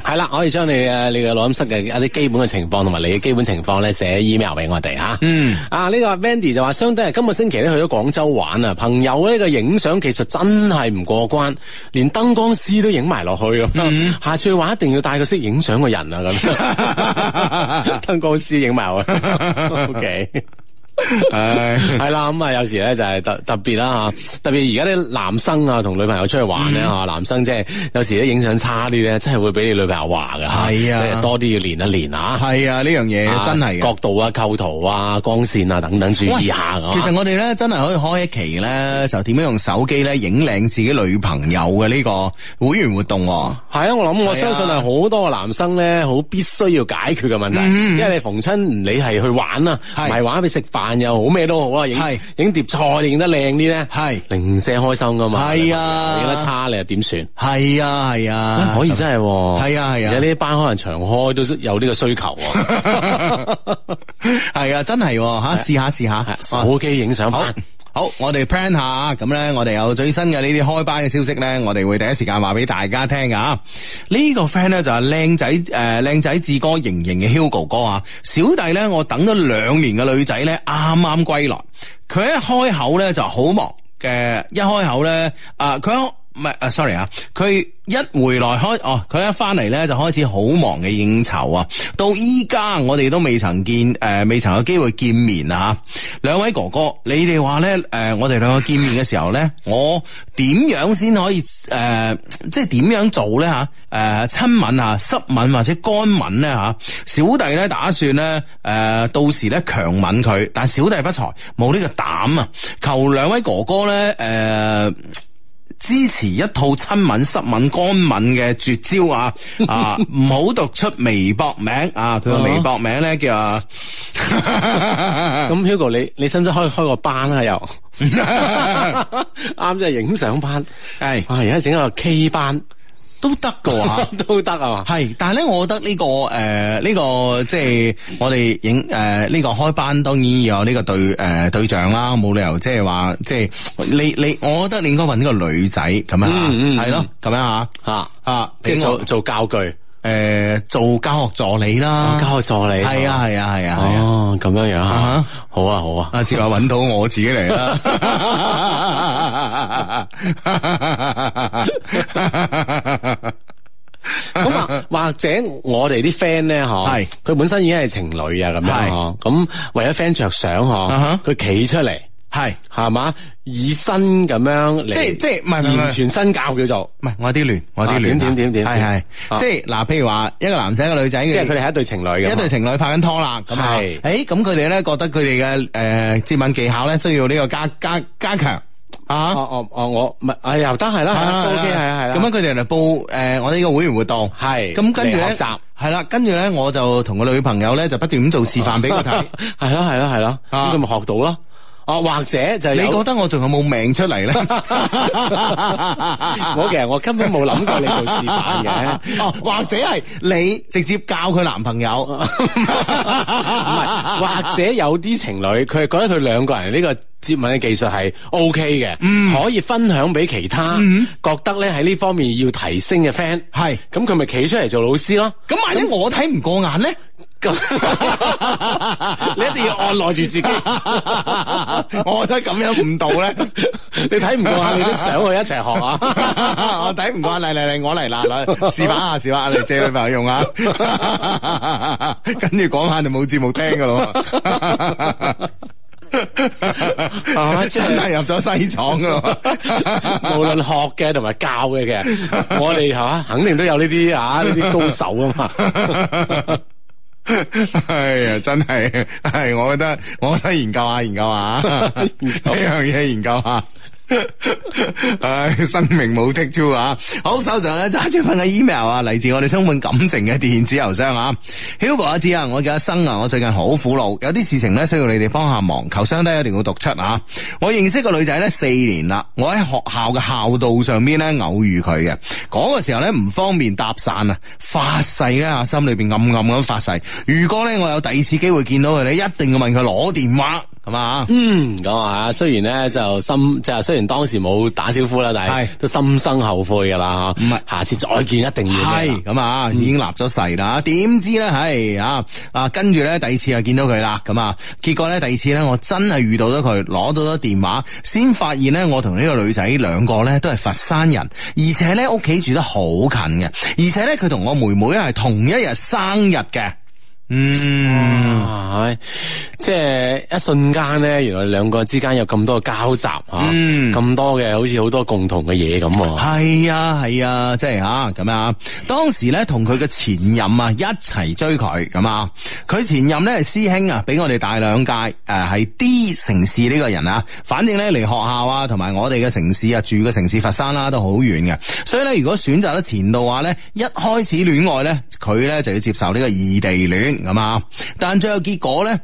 係啦，我可以將你嘅你嘅錄音室嘅一啲基本嘅情況同埋你嘅基本情況咧，寫 email 俾我哋吓。嗯，啊呢個 Vandy 就話，相當係今個星期咧去咗廣州玩啊，朋友呢個影相技術真係唔過關，連燈光師都影埋落去咁。嗯、下次去玩一定要帶個識影相嘅人啊，咁。燈光師影埋我。O K。係係啦，咁啊、 嗯、有時咧就係特特別啦吓，特別而家啲男生啊同女朋友出去玩咧吓，嗯、男生即係有時啲影相差啲咧，真係會俾你女朋友話噶。係、嗯、啊，多啲要練一練啊。係啊，呢樣嘢真係角度啊、構圖啊、光線啊等等注意下。其實我哋咧真係可以開一期咧，就點樣用手機咧影靚自己女朋友嘅呢個會員活動。係啊，我諗的我相信係好多男生咧好必須要解決嘅問題，嗯、因為你逢親你係去玩啊，唔係玩你食飯。扮又好咩都好啊，影影碟菜影得靚啲咧，零舍開心噶嘛，係啊，影得差你又點算？係啊係啊，可以真係，係啊係啊，而且呢班可能長開都有呢個需求啊，係啊真係吓，試下試下，手機影相。好，我哋 plan 下啊，咁咧我哋有最新嘅呢啲開班嘅消息咧，我哋會第一時間話俾大家聽噶啊！這個、呢個 friend 咧就係靚仔誒，靚、呃、仔志哥型型嘅 Hugo 哥啊，小弟咧我等咗兩年嘅女仔咧啱啱歸來，佢一開口咧就好忙嘅、呃，一開口咧啊佢。呃唔係啊，sorry 啊，佢一回來開哦，佢一翻嚟咧就開始好忙嘅應酬啊，到依家我哋都未曾見誒、呃，未曾有機會見面啊，兩位哥哥，你哋話咧誒，我哋兩個見面嘅時候咧，我點樣先可以誒、呃，即係點樣做咧吓？誒，親吻啊，濕吻、濕吻或者乾吻咧吓、啊？小弟咧打算咧誒、呃，到時咧強吻佢，但小弟不才，冇呢個膽啊，求兩位哥哥咧誒。呃支持一套親吻、濕吻、乾吻嘅絕招 啊！啊，唔好讀出微博名啊！佢個、啊、微博名咧叫啊，咁 Hugo，你你使唔使開開個班啊？又啱即係影相班，係是啊，而家整個 K 班。都得噶，吓，都得啊嘛。係，但係咧，我覺得呢個，誒，呢個即係我哋影，誒，呢個開班，當然要有呢個對，誒，對象啦，冇理由即係話，即係你你，我覺得你應該揾呢個女仔咁樣吓，係咯，咁樣吓，吓吓，即係做做教具，誒，做教學助理啦，教學助理，係啊係啊係啊係啊，哦，咁樣樣。好啊好啊，阿志話揾到我 自己嚟啦。咁啊，或者我哋啲 friend 咧，嗬是，係佢本身已經係情侶啊，咁樣嗬。咁 為咗 friend 着想，嗬， 佢企站出嚟。係，係嘛？以身咁樣嚟，即係即係，唔係完全身教叫做，唔係我有啲亂，我有啲亂。點點點點係係，即係嗱，譬如話一個男仔一個女仔，即係佢哋係一對情侶嘅，一對情侶拍緊拖啦，咁係，誒，咁佢哋咧覺得佢哋嘅誒接吻技巧咧需要呢個加加加強啊！哦哦哦，我唔係，哎又得係啦，係啦，O K 係係啦，咁樣佢哋嚟報誒我哋呢個會員活動係，咁跟住一集，係啦，跟住咧我就同個女朋友咧就不斷咁做示範俾佢睇，係咯係咯係咯，咁佢咪學到咯。哦、啊，或者就係你覺得我仲有冇命出嚟咧？ 我其實我根本冇諗過你做示範嘅。哦、 啊，或者係你直接教佢男朋友，唔 係。或者有啲情侶，佢係覺得佢兩個人呢個接吻嘅技術係 O K 嘅，嗯、可以分享俾其他、嗯、覺得咧喺呢方面要提升嘅 friend，係。咁佢咪企出嚟做老師咯？咁萬一我睇唔過眼咧？ 你一定要按耐住自己，我 覺得咁樣誤導咧， 你睇唔過，你都上去一齊學啊！ 學我睇唔慣，嚟嚟嚟，我嚟啦，嚟示範下，示範啊，嚟借女朋友用啊，跟住講下就冇節目聽噶咯，真係入咗西廠噶咯，無論學嘅同埋教嘅，嘅，我哋吓，肯定都有呢啲啊，呢啲高手啊嘛。 係 啊、哎，真係係、哎，我覺得，我覺得研究下，研究下 研究呢樣嘢， 研究下。 唉，生命冇 take two 啊。好，手上咧揸住份嘅 email 啊，嚟自我哋充滿感情嘅電子郵箱啊。Hugo 阿姐啊，我叫阿生啊，我最近好苦惱，有啲事情咧需要你哋幫下忙，求相低一定要讀出啊。我認識個女仔咧四年啦，我喺學校嘅校道上邊咧偶遇佢嘅，嗰、嗰個時候咧唔方便搭訕啊，發誓咧吓，心裏邊暗暗咁發誓，如果咧我有第二次機會見到佢咧，一定要問佢攞電話。咁啊、嗯，嗯，咁啊，雖然咧就心，即係雖然當時冇打招呼啦，但係都心生後悔噶啦，吓係，唔係，下次再見一定要係，咁啊、嗯，已經立咗誓啦，點知咧，係，啊啊，跟住咧，第二次就見到佢啦，咁啊，結果咧，第二次咧，我真係遇到咗佢，攞到咗電話，先發現咧，我同呢個女仔兩個咧都係佛山人，而且咧屋企住得好近嘅，而且咧佢同我妹妹係同一日生日嘅。嗯，即係一瞬間咧，原來兩個之間有咁多交集吓，咁、嗯啊、多嘅，好似好多共同嘅嘢咁。係啊，係啊，啊，即係吓咁樣。當時咧，同佢嘅前任啊一齊追佢，咁啊，佢前任咧係師兄啊，比我哋大兩屆。誒、啊，係 D 城市呢個人啊，反正咧離學校啊，同埋我哋嘅城市啊，住嘅城市佛山啦、啊，都好遠嘅。所以咧，如果選擇咗前度嘅話咧，一開始戀愛咧，佢咧就要接受呢個異地戀。咁啊！但最後結果咧，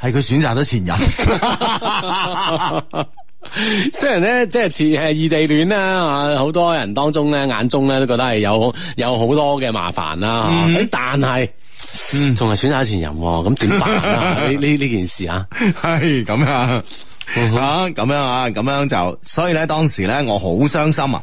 係佢選擇咗前任。 雖然咧，即係似誒異地戀啦、啊，好多人當中咧眼中咧都覺得係有有好多嘅麻煩啦。但係，仲係選擇咗前任、啊，咁點辦呢、啊？呢呢呢 件事啊，係咁啊。吓咁、 啊、樣啊，咁樣就，所以咧當時咧我好傷心啊！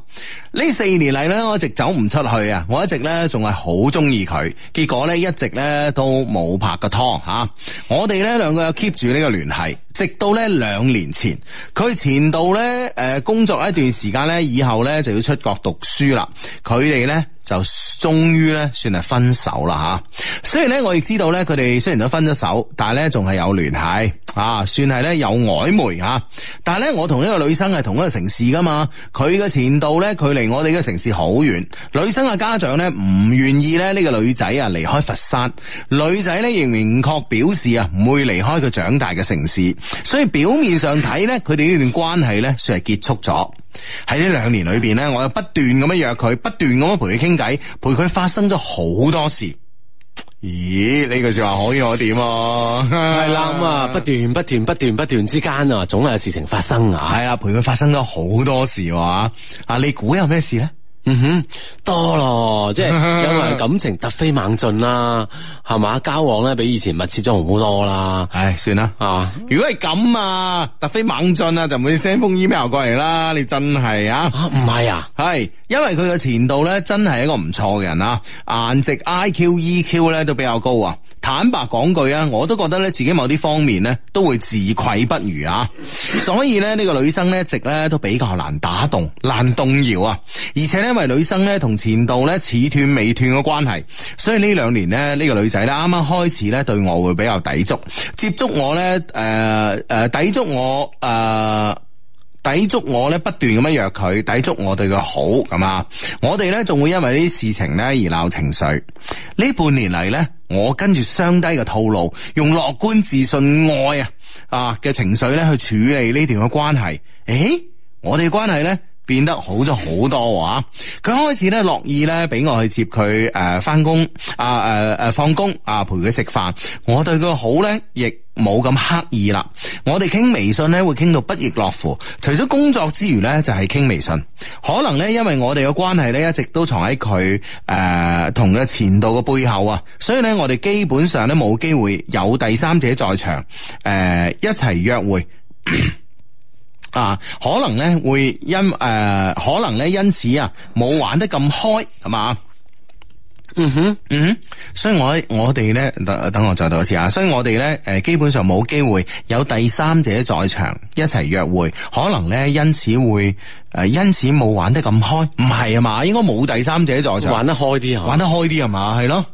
呢四年嚟咧，我一直走唔出去啊，我一直咧仲係好中意佢，結果咧一直咧都冇拍過拖吓、啊，我哋咧兩個又 keep 住呢個聯繫。直到咧兩年前，佢前度咧誒工作一段時間咧，以後咧就要出國讀書啦。佢哋咧就終於咧算係分手啦嚇。雖然咧我亦知道咧佢哋雖然都分咗手，但係咧仲係有聯繫啊，算係咧有曖昧嚇。但係咧我同一個女生係同一個城市噶嘛，佢嘅前度咧距離我哋嘅城市好遠，女生嘅家長咧唔願意咧呢個女仔啊離開佛山，女仔咧亦明確表示啊唔會離開佢長大嘅城市。所以表面上睇咧，佢哋呢段關係咧算係結束咗。喺呢兩年裏邊咧，我又不斷咁樣約佢，不斷咁樣陪佢傾偈，陪佢發生咗好多事。咦？呢句說話可以我點啊？係啦，咁啊，不斷不斷不斷不斷之間啊，總有事情發生啊。係啊，陪佢發生咗好多事啊，你估有咩事咧？嗯哼，多咯，即係因為感情突飛猛進啦、啊，係嘛 交往咧比以前密切咗好多啦、啊。唉，算啦，啊，如果係咁啊，突飛猛進啊，就唔會 send 封 email 過嚟啦。你真係啊，唔係啊，係、啊、因為佢個前度咧真係一個唔錯嘅人啊，顏值 I Q、IQ、e、EQ 咧都比較高啊。坦白講句啊，我都覺得咧自己某啲方面咧都會自愧不如啊。所以咧呢、這個女生咧，一直咧都比較難打動、難動搖啊，而且咧。因為女生咧，同前度咧似斷未斷嘅關係，所以呢兩年呢，呢、這個女仔咧啱啱開始咧對我會比較抵觸，接觸我咧誒誒抵觸我誒抵觸我咧不斷咁樣約佢，抵觸我、呃、我，我對佢好咁啊！我哋咧仲會因為呢啲事情咧而鬧情緒。呢半年嚟咧，我跟住雙低嘅套路，用樂觀自信愛啊啊嘅情緒咧去處理呢段嘅關係。誒，我哋嘅關係咧？變得好咗好多啊！佢開始咧樂意咧俾我去接佢誒翻工啊、誒誒放工啊，陪佢食飯，我對佢好咧亦冇咁刻意啦。我哋傾微信咧會傾到不亦樂乎，除咗工作之餘咧就係、是、傾微信。可能咧因為我哋嘅關係咧一直都藏喺佢誒同佢前度嘅背後啊，所以咧我哋基本上咧冇機會有第三者在場誒、呃、一齊約會。 啊，可能咧會因誒、呃，可能咧因此啊，冇玩得咁開，係嘛？嗯哼，嗯哼，所以我我哋咧，等等我再讀一次啊。所以我哋咧，誒，基本上冇機會有第三者在場一齊約會，可能咧因此會誒、呃，因此冇玩得咁開。唔係啊嘛，應該冇第三者在場，玩得開啲，啊玩得開啲啊嘛，係咯。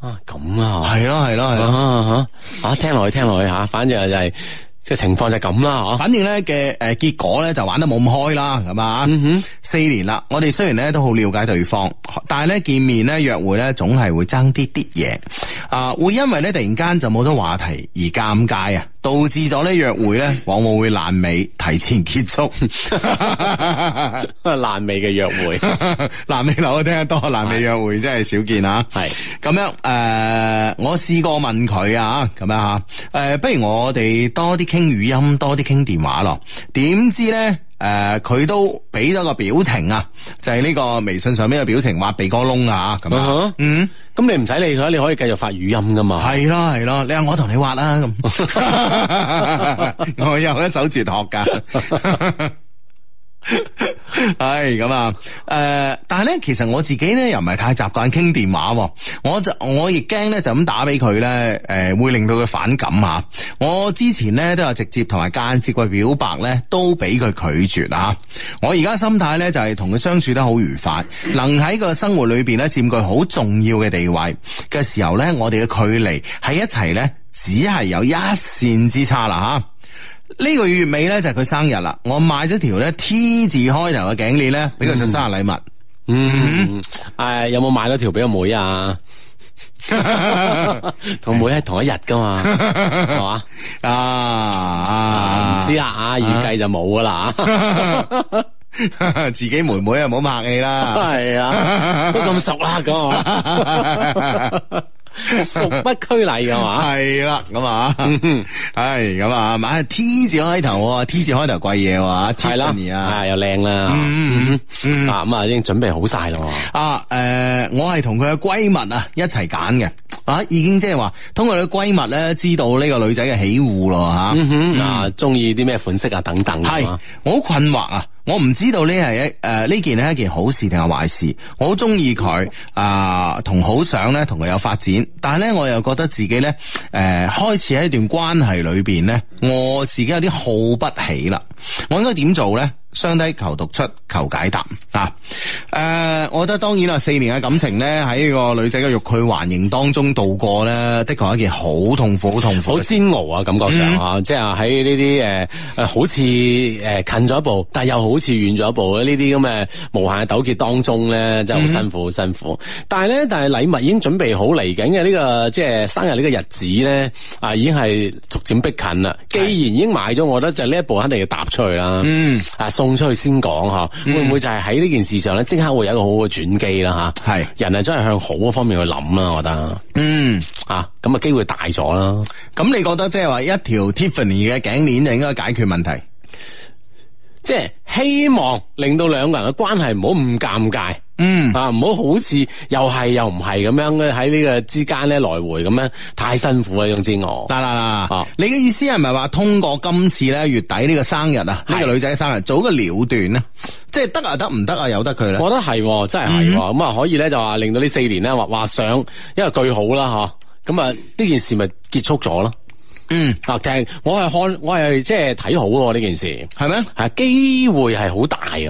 啊，咁啊，係咯，係咯，係咯，吓吓，聽落去，聽落去吓，反正就係。即係情況就咁啦，反正咧嘅誒結果咧就玩得冇咁開啦，係嘛？嗯、哼四年啦，我哋雖然咧都好了解對方，但係咧見面咧約會咧總係會爭啲啲嘢，啊，會因為咧突然間就冇咗話題而尷尬啊。導致咗呢約會咧，往往會爛尾，提前結束。爛 尾嘅約會，爛 尾樓我聽得多，爛尾約會真係少見啊！係咁 是樣，誒、呃，我試過問佢啊，咁樣吓，誒，不如我哋多啲傾語音，多啲傾電話咯。點知咧？誒，佢，呃、都俾咗個表情啊，就係，是、呢個微信上邊嘅表情，挖鼻哥窿啊，咁啊，uh huh. 嗯，咁你唔使理佢，你可以繼續發語音噶嘛，係咯係咯，你話我同你挖啦，咁 我有一手絕學噶。 唉，咁、 哎、啊，誒、呃，但係咧，其實我自己咧又唔係太習慣傾電話，我就我亦驚咧就咁打俾佢咧，誒、呃，會令到佢反感啊。我之前咧都有直接同埋間接去表白咧，都俾佢拒絕啊。我而家心態咧就係同佢相處得好愉快，能喺個生活裏邊咧佔據好重要嘅地位嘅時候咧，我哋嘅距離喺一齊咧只係有一綫之差啦，吓、啊。呢個月尾咧就係佢生日啦，我買咗條咧 T 字開頭嘅頸鏈咧俾佢做生日禮物。 嗯，唉，有冇買咗條俾阿妹啊？同 妹係同一日噶嘛，係嘛？啊，唔 知啊，啊，預計就冇噶啦， 自己妹妹啊唔好客氣啦，係 啊， 都咁熟啦，咁啊。熟 不拘禮嘅嘛，係啦，咁啊，係、嗯、咁、嗯、啊，買 T 字開頭、啊、，T 字開頭貴嘢話，係啦，係又靚啦，啊，咁啊，嗯、啊已經準備好晒咯。啊，誒、啊呃，我係同佢嘅閨蜜啊一齊揀嘅，啊，已經即係話通過佢嘅閨蜜咧知道呢個女仔嘅喜好咯，吓，啊，中意啲咩款式啊等等啊。係，我好困惑啊！我唔知道呢係一誒呢件係一件好事定係壞事，我好中意佢啊，同、呃、好想咧同佢有發展，但係咧我又覺得自己咧誒、呃、開始喺一段關係裏邊咧，我自己有啲耗不起啦，我應該點做咧？相低求讀出，求解答啊！誒，我覺得當然啦，四年嘅感情咧，喺呢個女仔嘅欲拒還迎當中度過咧，的確係一件好痛苦、好痛苦、好煎熬啊！感覺上啊，嗯、即係喺呢啲誒，誒好似誒近咗一步，但係又好似遠咗一步嘅呢啲咁嘅無限嘅糾結當中咧，真係好辛苦、好、嗯、辛苦。但係咧，但係禮物已經準備好嚟緊嘅呢個即係、就是、生日呢個日子咧，啊，已經係逐漸逼近啦。既然已經買咗，我覺得就呢一步肯定要踏出去啦。嗯，啊送出去先講吓，會唔會就係喺呢件事上咧，即刻會有一個好嘅轉機啦？吓是，係人啊，真係向好嗰方面去諗啦，我覺得，嗯啊，咁啊機會大咗啦。咁、嗯、你覺得即係話一條 Tiffany 嘅頸鏈就應該解決問題？即係希望令到兩個人嘅關係唔好咁尷尬，嗯啊唔好好似又係又唔係咁樣咧喺呢個之間咧來回咁樣，太辛苦、嗯、啊！總之、啊，我嗱嗱嗱，你嘅意思係咪話通過今次咧月底呢個生日啊呢是個女仔生，生日做一個了斷咧？即係得啊得唔得啊？由得佢咧，我覺得係、哦、真係係咁啊，嗯、可以咧就話令到呢四年咧畫畫上一個句號啦嗬，咁啊呢件事咪結束咗咯。嗯，啊，其實我係看，我係即係睇好呢件事，係咩？係機會係好大嘅，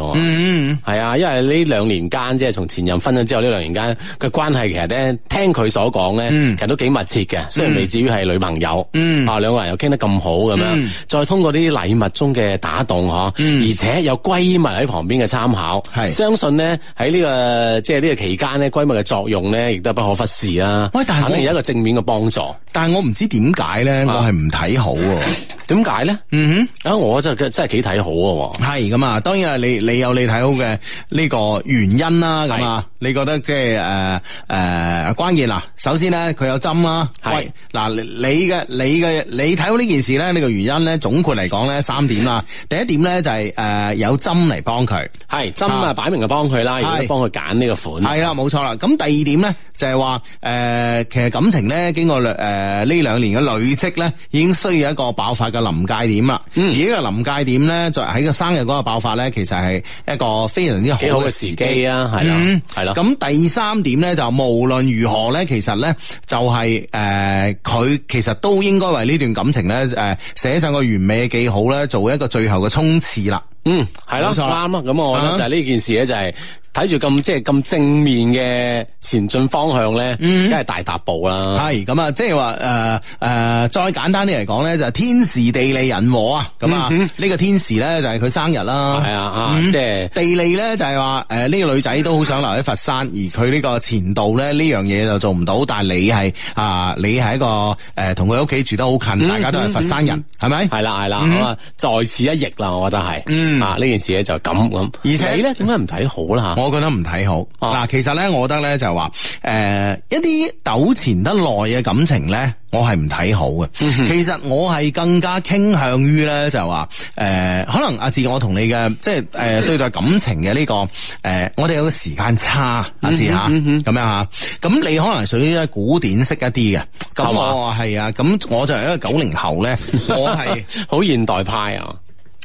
係啊，因為呢兩年間，即係從前任分咗之後，呢兩年間嘅關係，其實咧，聽佢所講咧，其實都幾密切嘅，雖然未至於係女朋友，嗯，啊，兩個人又傾得咁好咁樣，再通過啲禮物中嘅打動，嗬，而且有閨蜜喺旁邊嘅參考，係，相信咧喺呢個即係呢個期間咧，閨蜜嘅作用咧，亦都不可忽視啦。喂，但係肯定有一個正面嘅幫助，但係我唔知點解咧。係唔睇好喎？點解咧？嗯哼，啊，我就真真係幾睇好嘅。係咁啊，當然係，你你有你睇好嘅呢個原因啦。咁啊， 你覺得即係誒誒關鍵啦，首先咧佢有針啦、啊。係嗱的，你嘅你嘅你睇好呢件事咧，呢、這個原因咧，總括嚟講咧三點啦。第一點咧就係、是、誒、呃、有針嚟幫佢，係針啊擺明就幫佢啦，而家幫佢揀呢個款。係啦，冇錯啦。咁第二點咧就係話誒，其實感情咧經過誒呢兩年嘅累積咧。呃呃呃呃呃呃呃已經需要一個爆發嘅臨界點啦，嗯、而呢個臨界點咧，就喺個生日嗰個爆發咧，其實係一個非常之好嘅時機啊。係啦，係啦、嗯。咁第三點咧，就無論如何咧，其實咧就係、是、誒，佢、呃、其實都應該為呢段感情咧，誒、呃，寫上個完美嘅記號咧，做一個最後嘅衝刺啦。嗯，係啦，冇錯，啱啦。咁我覺得就係呢件事咧，就係、是。睇住咁即係咁正面嘅前進方向咧，梗係大踏步啦。係咁啊，即係話誒誒，再簡單啲嚟講咧，就係、天時地利人和啊。咁啊，呢、這個天時咧就係、係、佢生日啦。係啊啊，即係地利咧就係話誒呢個女仔都好想留喺佛山，而佢呢個前度咧呢樣嘢、這個、就做唔到。但係你係啊，你係一個誒同佢屋企住得好近，嗯、大家都係佛山人，係咪、嗯？係啦係啦，咁啊在此一役啦，我覺得係、啊嗯。啊，呢件事咧就咁咁。而且咧，點解唔睇好啦？我覺得唔睇好嗱，啊、其實咧，我覺得咧就話，誒、呃，一啲糾纏得耐嘅感情咧，我係唔睇好嘅。嗯、哼其實我係更加傾向於咧，就話，誒，可能阿志、就是呃這個呃，我同你嘅，即係，誒，對待感情嘅呢個，誒，我哋有個時間差，阿志吓，咁、嗯嗯、樣吓。咁你可能屬於咧古典式一啲嘅，係嘛吧？係啊，咁我就係一個九零後咧， 我係是 好現代派啊。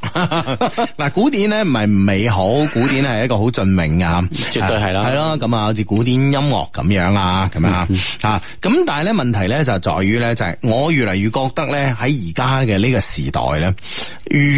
嗱， 古典咧唔係唔美好，古典係一個好雋明嘅，絕對係啦，係咯。咁啊，好似古典音樂咁樣啦，咁樣嗯嗯啊。咁但係咧，問題咧就在於咧，就係、是、我越嚟越覺得咧，喺而家嘅呢個時代咧，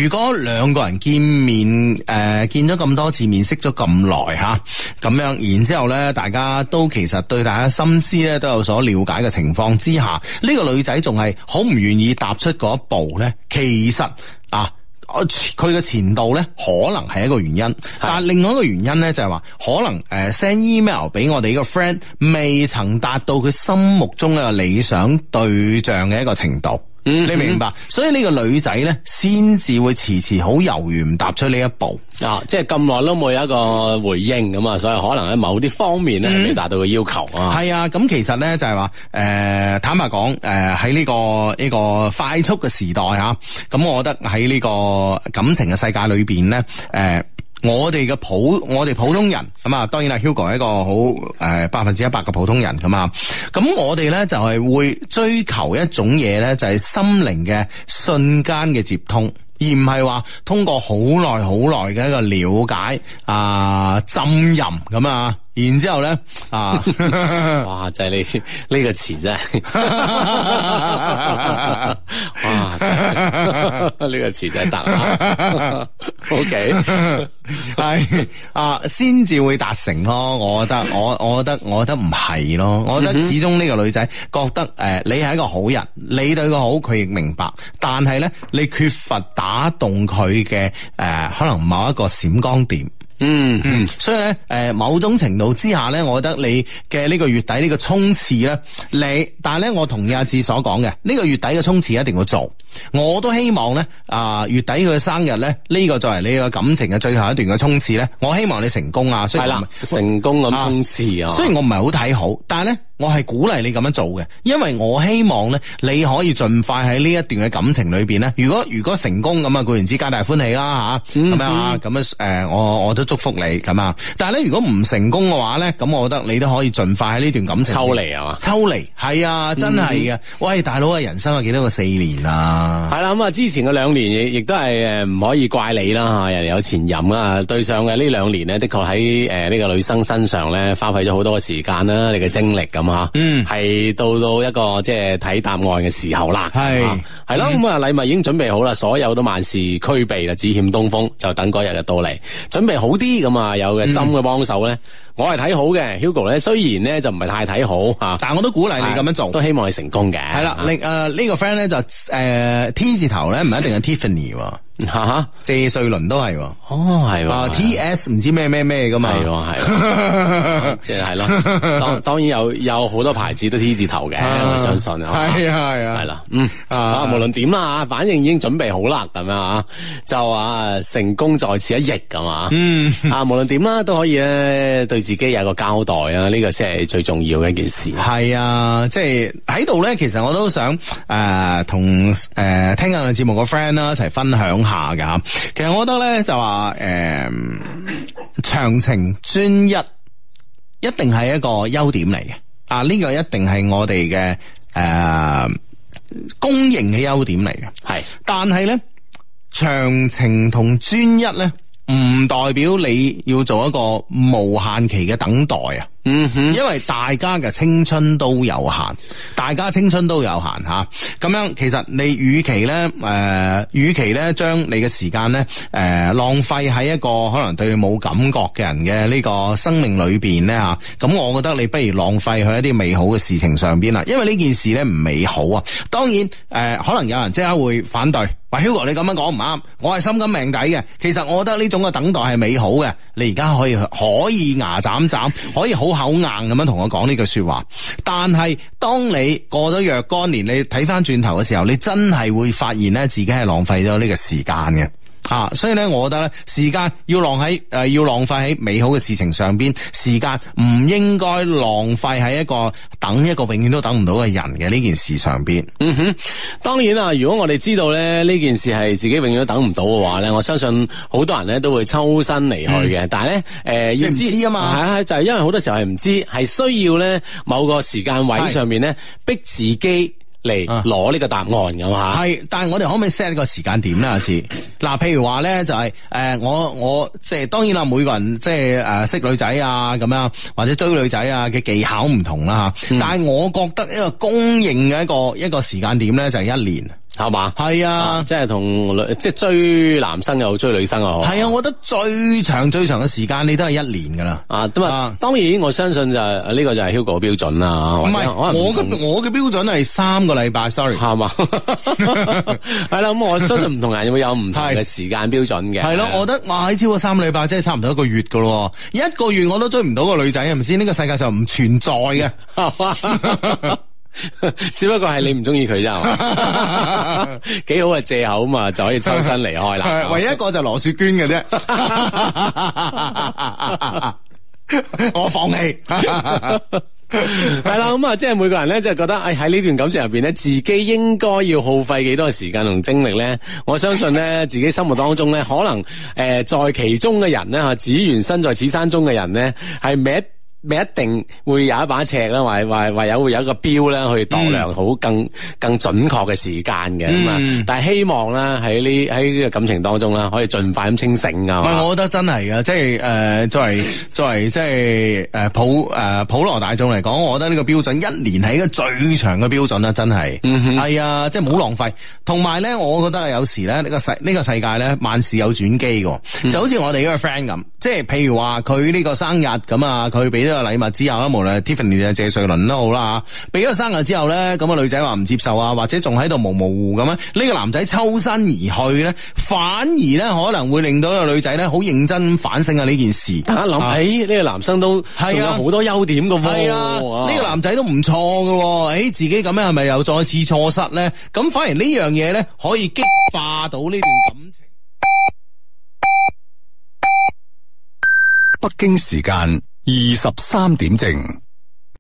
如果兩個人見面誒、呃，見咗咁多次面識，識咗咁耐吓，咁樣，然之後咧，大家都其實對大家心思咧都有所了解嘅情況之下，呢、這個女仔仲係好唔願意踏出嗰一步咧，其實啊。我佢嘅前度咧，可能係一個原因，是的 但係另外一個原因咧，就是，就係話可能誒 send email 俾我哋呢個 friend，未曾達到佢心目中嘅理想對象嘅一個程度。嗯，嗯你明白，所以呢個女仔咧，先至會遲遲好猶豫唔踏出呢一步啊！即係咁耐都冇有一個回應咁啊，所以可能喺某啲方面咧係未達到嘅要求，嗯、啊。係啊，咁其實咧就係話，誒、呃，坦白講，誒、呃，喺呢、這個呢、這個快速嘅時代吓，咁、啊、我覺得喺呢個感情嘅世界裏邊咧，誒、呃。我哋嘅普，我哋普通人咁啊，當然啦，Hugo 係一個好誒百分之一百嘅普通人咁啊，咁我哋咧就係、是、會追求一種嘢咧，就係、是、心靈嘅瞬間嘅接通，而唔係話通過好耐好耐嘅一個了解啊、呃、浸淫咁啊。然之後咧啊， 哇！就係呢呢個詞真係，哇！呢個詞就係得啦，OK，係啊，先至會達成咯。我覺得，我我覺得，我覺得唔係咯。我覺得始終呢個女仔覺得誒，你係一個好人，你對佢好，佢亦明白。但係咧，你缺乏打動佢嘅誒，可能某一個閃光點。嗯嗯，所以咧，誒，某種程度之下咧，我覺得你嘅呢個月底呢個衝刺咧，你但係咧，我同意阿志所講嘅，呢個月底嘅衝刺一定要做，我都希望咧，啊，月底佢嘅生日咧，呢個作為你嘅感情嘅最後一段嘅衝刺咧，我希望你成功啊，所以係啦，成功咁衝刺啊，雖然我唔係好睇好，但係咧。我係鼓勵你咁樣做嘅，因為我希望咧，你可以盡快喺呢一段嘅感情裏邊咧。如果如果成功咁啊，固然之皆大歡喜啦吓，咁樣啊，咁啊、嗯哼，誒、呃，我我都祝福你咁啊。但係咧，如果唔成功嘅話咧，咁我覺得你都可以盡快喺呢段感情抽離啊嘛，抽離係啊，真係嘅、啊。喂，大佬啊，人生有幾多個四年啊？係啦，咁啊，之前嘅兩年亦亦都係誒，唔可以怪你啦吓，人有前任啊。對上嘅呢兩年呢，的確喺誒呢個女生身上咧，花費咗好多嘅時間啦，你嘅精力咁。啊，嗯，係到到一個即係睇答案嘅時候啦，係是，係咯、嗯，咁啊禮物已經準備好啦，所有都萬事俱備啦，只欠東風，就等嗰日嘅到嚟，準備好啲咁啊，有嘅針嘅幫手咧。嗯我係睇好嘅，Hugo 咧，雖然咧就唔係太睇好吓，但係我都鼓勵你咁樣做，對都希望你成功嘅。係啦，你誒呢、uh, 個 friend 咧就誒、uh, T 字頭咧，唔一定係 Tiffany，哈哈， 謝瑞麟都係，哦係，啊 T S 唔 知咩咩咩噶嘛，係，即係咯，當 當然有有好多牌子都 T 字頭嘅， 我相信，係啊係啊，係啦，啦 嗯，啊無論點啦，反正已經準備好啦，咁樣啊，就啊成功在此一役咁 啊，嗯，啊無論點啦都可以咧對。自己有個交代啊，呢個先係最重要嘅一件事。係啊，即係喺度咧，其實我都想誒同誒聽日嘅節目個 friend 啦一齊分享下嘅。其實我覺得咧就話誒、呃、長情專一一定係一個優點嚟嘅啊，呢個一定係我哋嘅誒公認嘅優點嚟嘅。係是，但係咧長情同專一咧。唔代表你要做一個無限期嘅等待啊，嗯哼，因為大家嘅青春都有限，大家青春都有限吓，咁樣其實你與其咧，誒，與其咧將你嘅時間咧，誒，浪費喺一個可能對你冇感覺嘅人嘅呢個生命裏邊咧吓，咁我覺得你不如浪費去一啲美好嘅事情上邊啦，因為呢件事咧唔美好啊，當然，誒，可能有人即刻會反對。Hugo，你咁樣講唔啱，我係心甘命抵嘅。其實我覺得呢種嘅等待係美好嘅。你而家可以可以牙斬斬，可以好口硬咁樣同我講呢句說話。但係當你過咗若干年，你睇返轉頭嘅時候，你真係會發現呢，自己係浪費咗呢個時間嘅。啊，所以咧，我覺得咧，時間要浪喺誒、呃，要浪費喺美好嘅事情上邊，時間唔應該浪費喺一個等一個永遠都等唔到嘅人嘅呢件事上邊。嗯哼，當然啦，如果我哋知道咧呢件事係自己永遠都等唔到嘅話咧，我相信好多人咧都會抽身離去嘅。嗯、但係咧，誒、呃，知要唔知啊嘛，係啊就係、係、因為好多時候係唔知，係需要咧某個時間位上面咧逼自己。嚟攞呢個答案咁嚇，係、啊啊，但係我哋可唔可以 set 呢個時間點啦？阿志、 就係，嗱，譬如話咧，就係誒我我即係當然啦，每個人即係誒識女仔啊咁樣，或者追女仔啊嘅技巧唔同啦嚇，嗯、但係我覺得一個公認嘅一個一個時間點咧，就係一年。係嘛？係啊！即係同女，即係追男生又追女生啊！係啊！我覺得最長最長嘅時間，你都係一年噶啦。啊，都係。當然，我相信就係呢個就係 Hugo 嘅標準啦。唔係，我嘅我嘅標準係三個禮拜。Sorry，係嘛？係啦，咁我相信唔同人會有唔同嘅時間標準嘅。係咯，我覺得哇，超過三個禮拜即係差唔多一個月噶咯。一個月我都追唔到個女仔，係咪先？呢個世界上唔存在嘅。 只不過係你唔中意佢啫，幾 好嘅借口嘛，就可以抽身離開啦。 唯一一個就羅雪娟嘅啫， 我放棄棄。係 啦， 咁、嗯、啊，即係每個人咧，即係覺得，哎喺呢段感情入邊咧，自己應該要耗費幾多時間同精力咧？我相信咧，自己心目當中咧，可能誒、呃，在其中嘅人咧，啊，只緣身在此山中嘅人咧，係咪一定會有一把尺啦，或或或有會有一個標咧去度量好更、嗯、更準確嘅時間嘅咁啊！嗯、但係希望咧喺呢喺呢個感情當中咧可以盡快咁清醒啊，唔、嗯、我覺得真係啊，即係誒、呃、作為作為即係誒、呃、普誒、呃、普羅大眾嚟講，我覺得呢個標準一年係一個最長嘅標準啦，真係，係、嗯、哼啊，即係冇浪費，同埋咧，我覺得有時咧呢、這個世呢、這個世界咧，萬事有轉機㗎，嗯、就好似我哋呢個 friend 咁，即係譬如話佢呢個生日咁啊，佢俾咗。個禮物之後啦，無論 Tiffany 定謝瑞麟都好啦吓，俾咗生日之後咧，咁啊女仔話唔接受啊，或者仲喺度模模糊糊咁啊，呢、呢個男仔抽身而去咧，反而咧可能會令到個女仔咧好認真反省下呢件事，大家諗起呢、啊哎呢個男生都係啊，仲有好多優點噶，係呢、啊、個男仔都唔錯噶，哎，自己咁樣係咪又再次錯失咧？咁反而呢樣嘢咧可以激化到呢段感情。北京時間。二十三點正。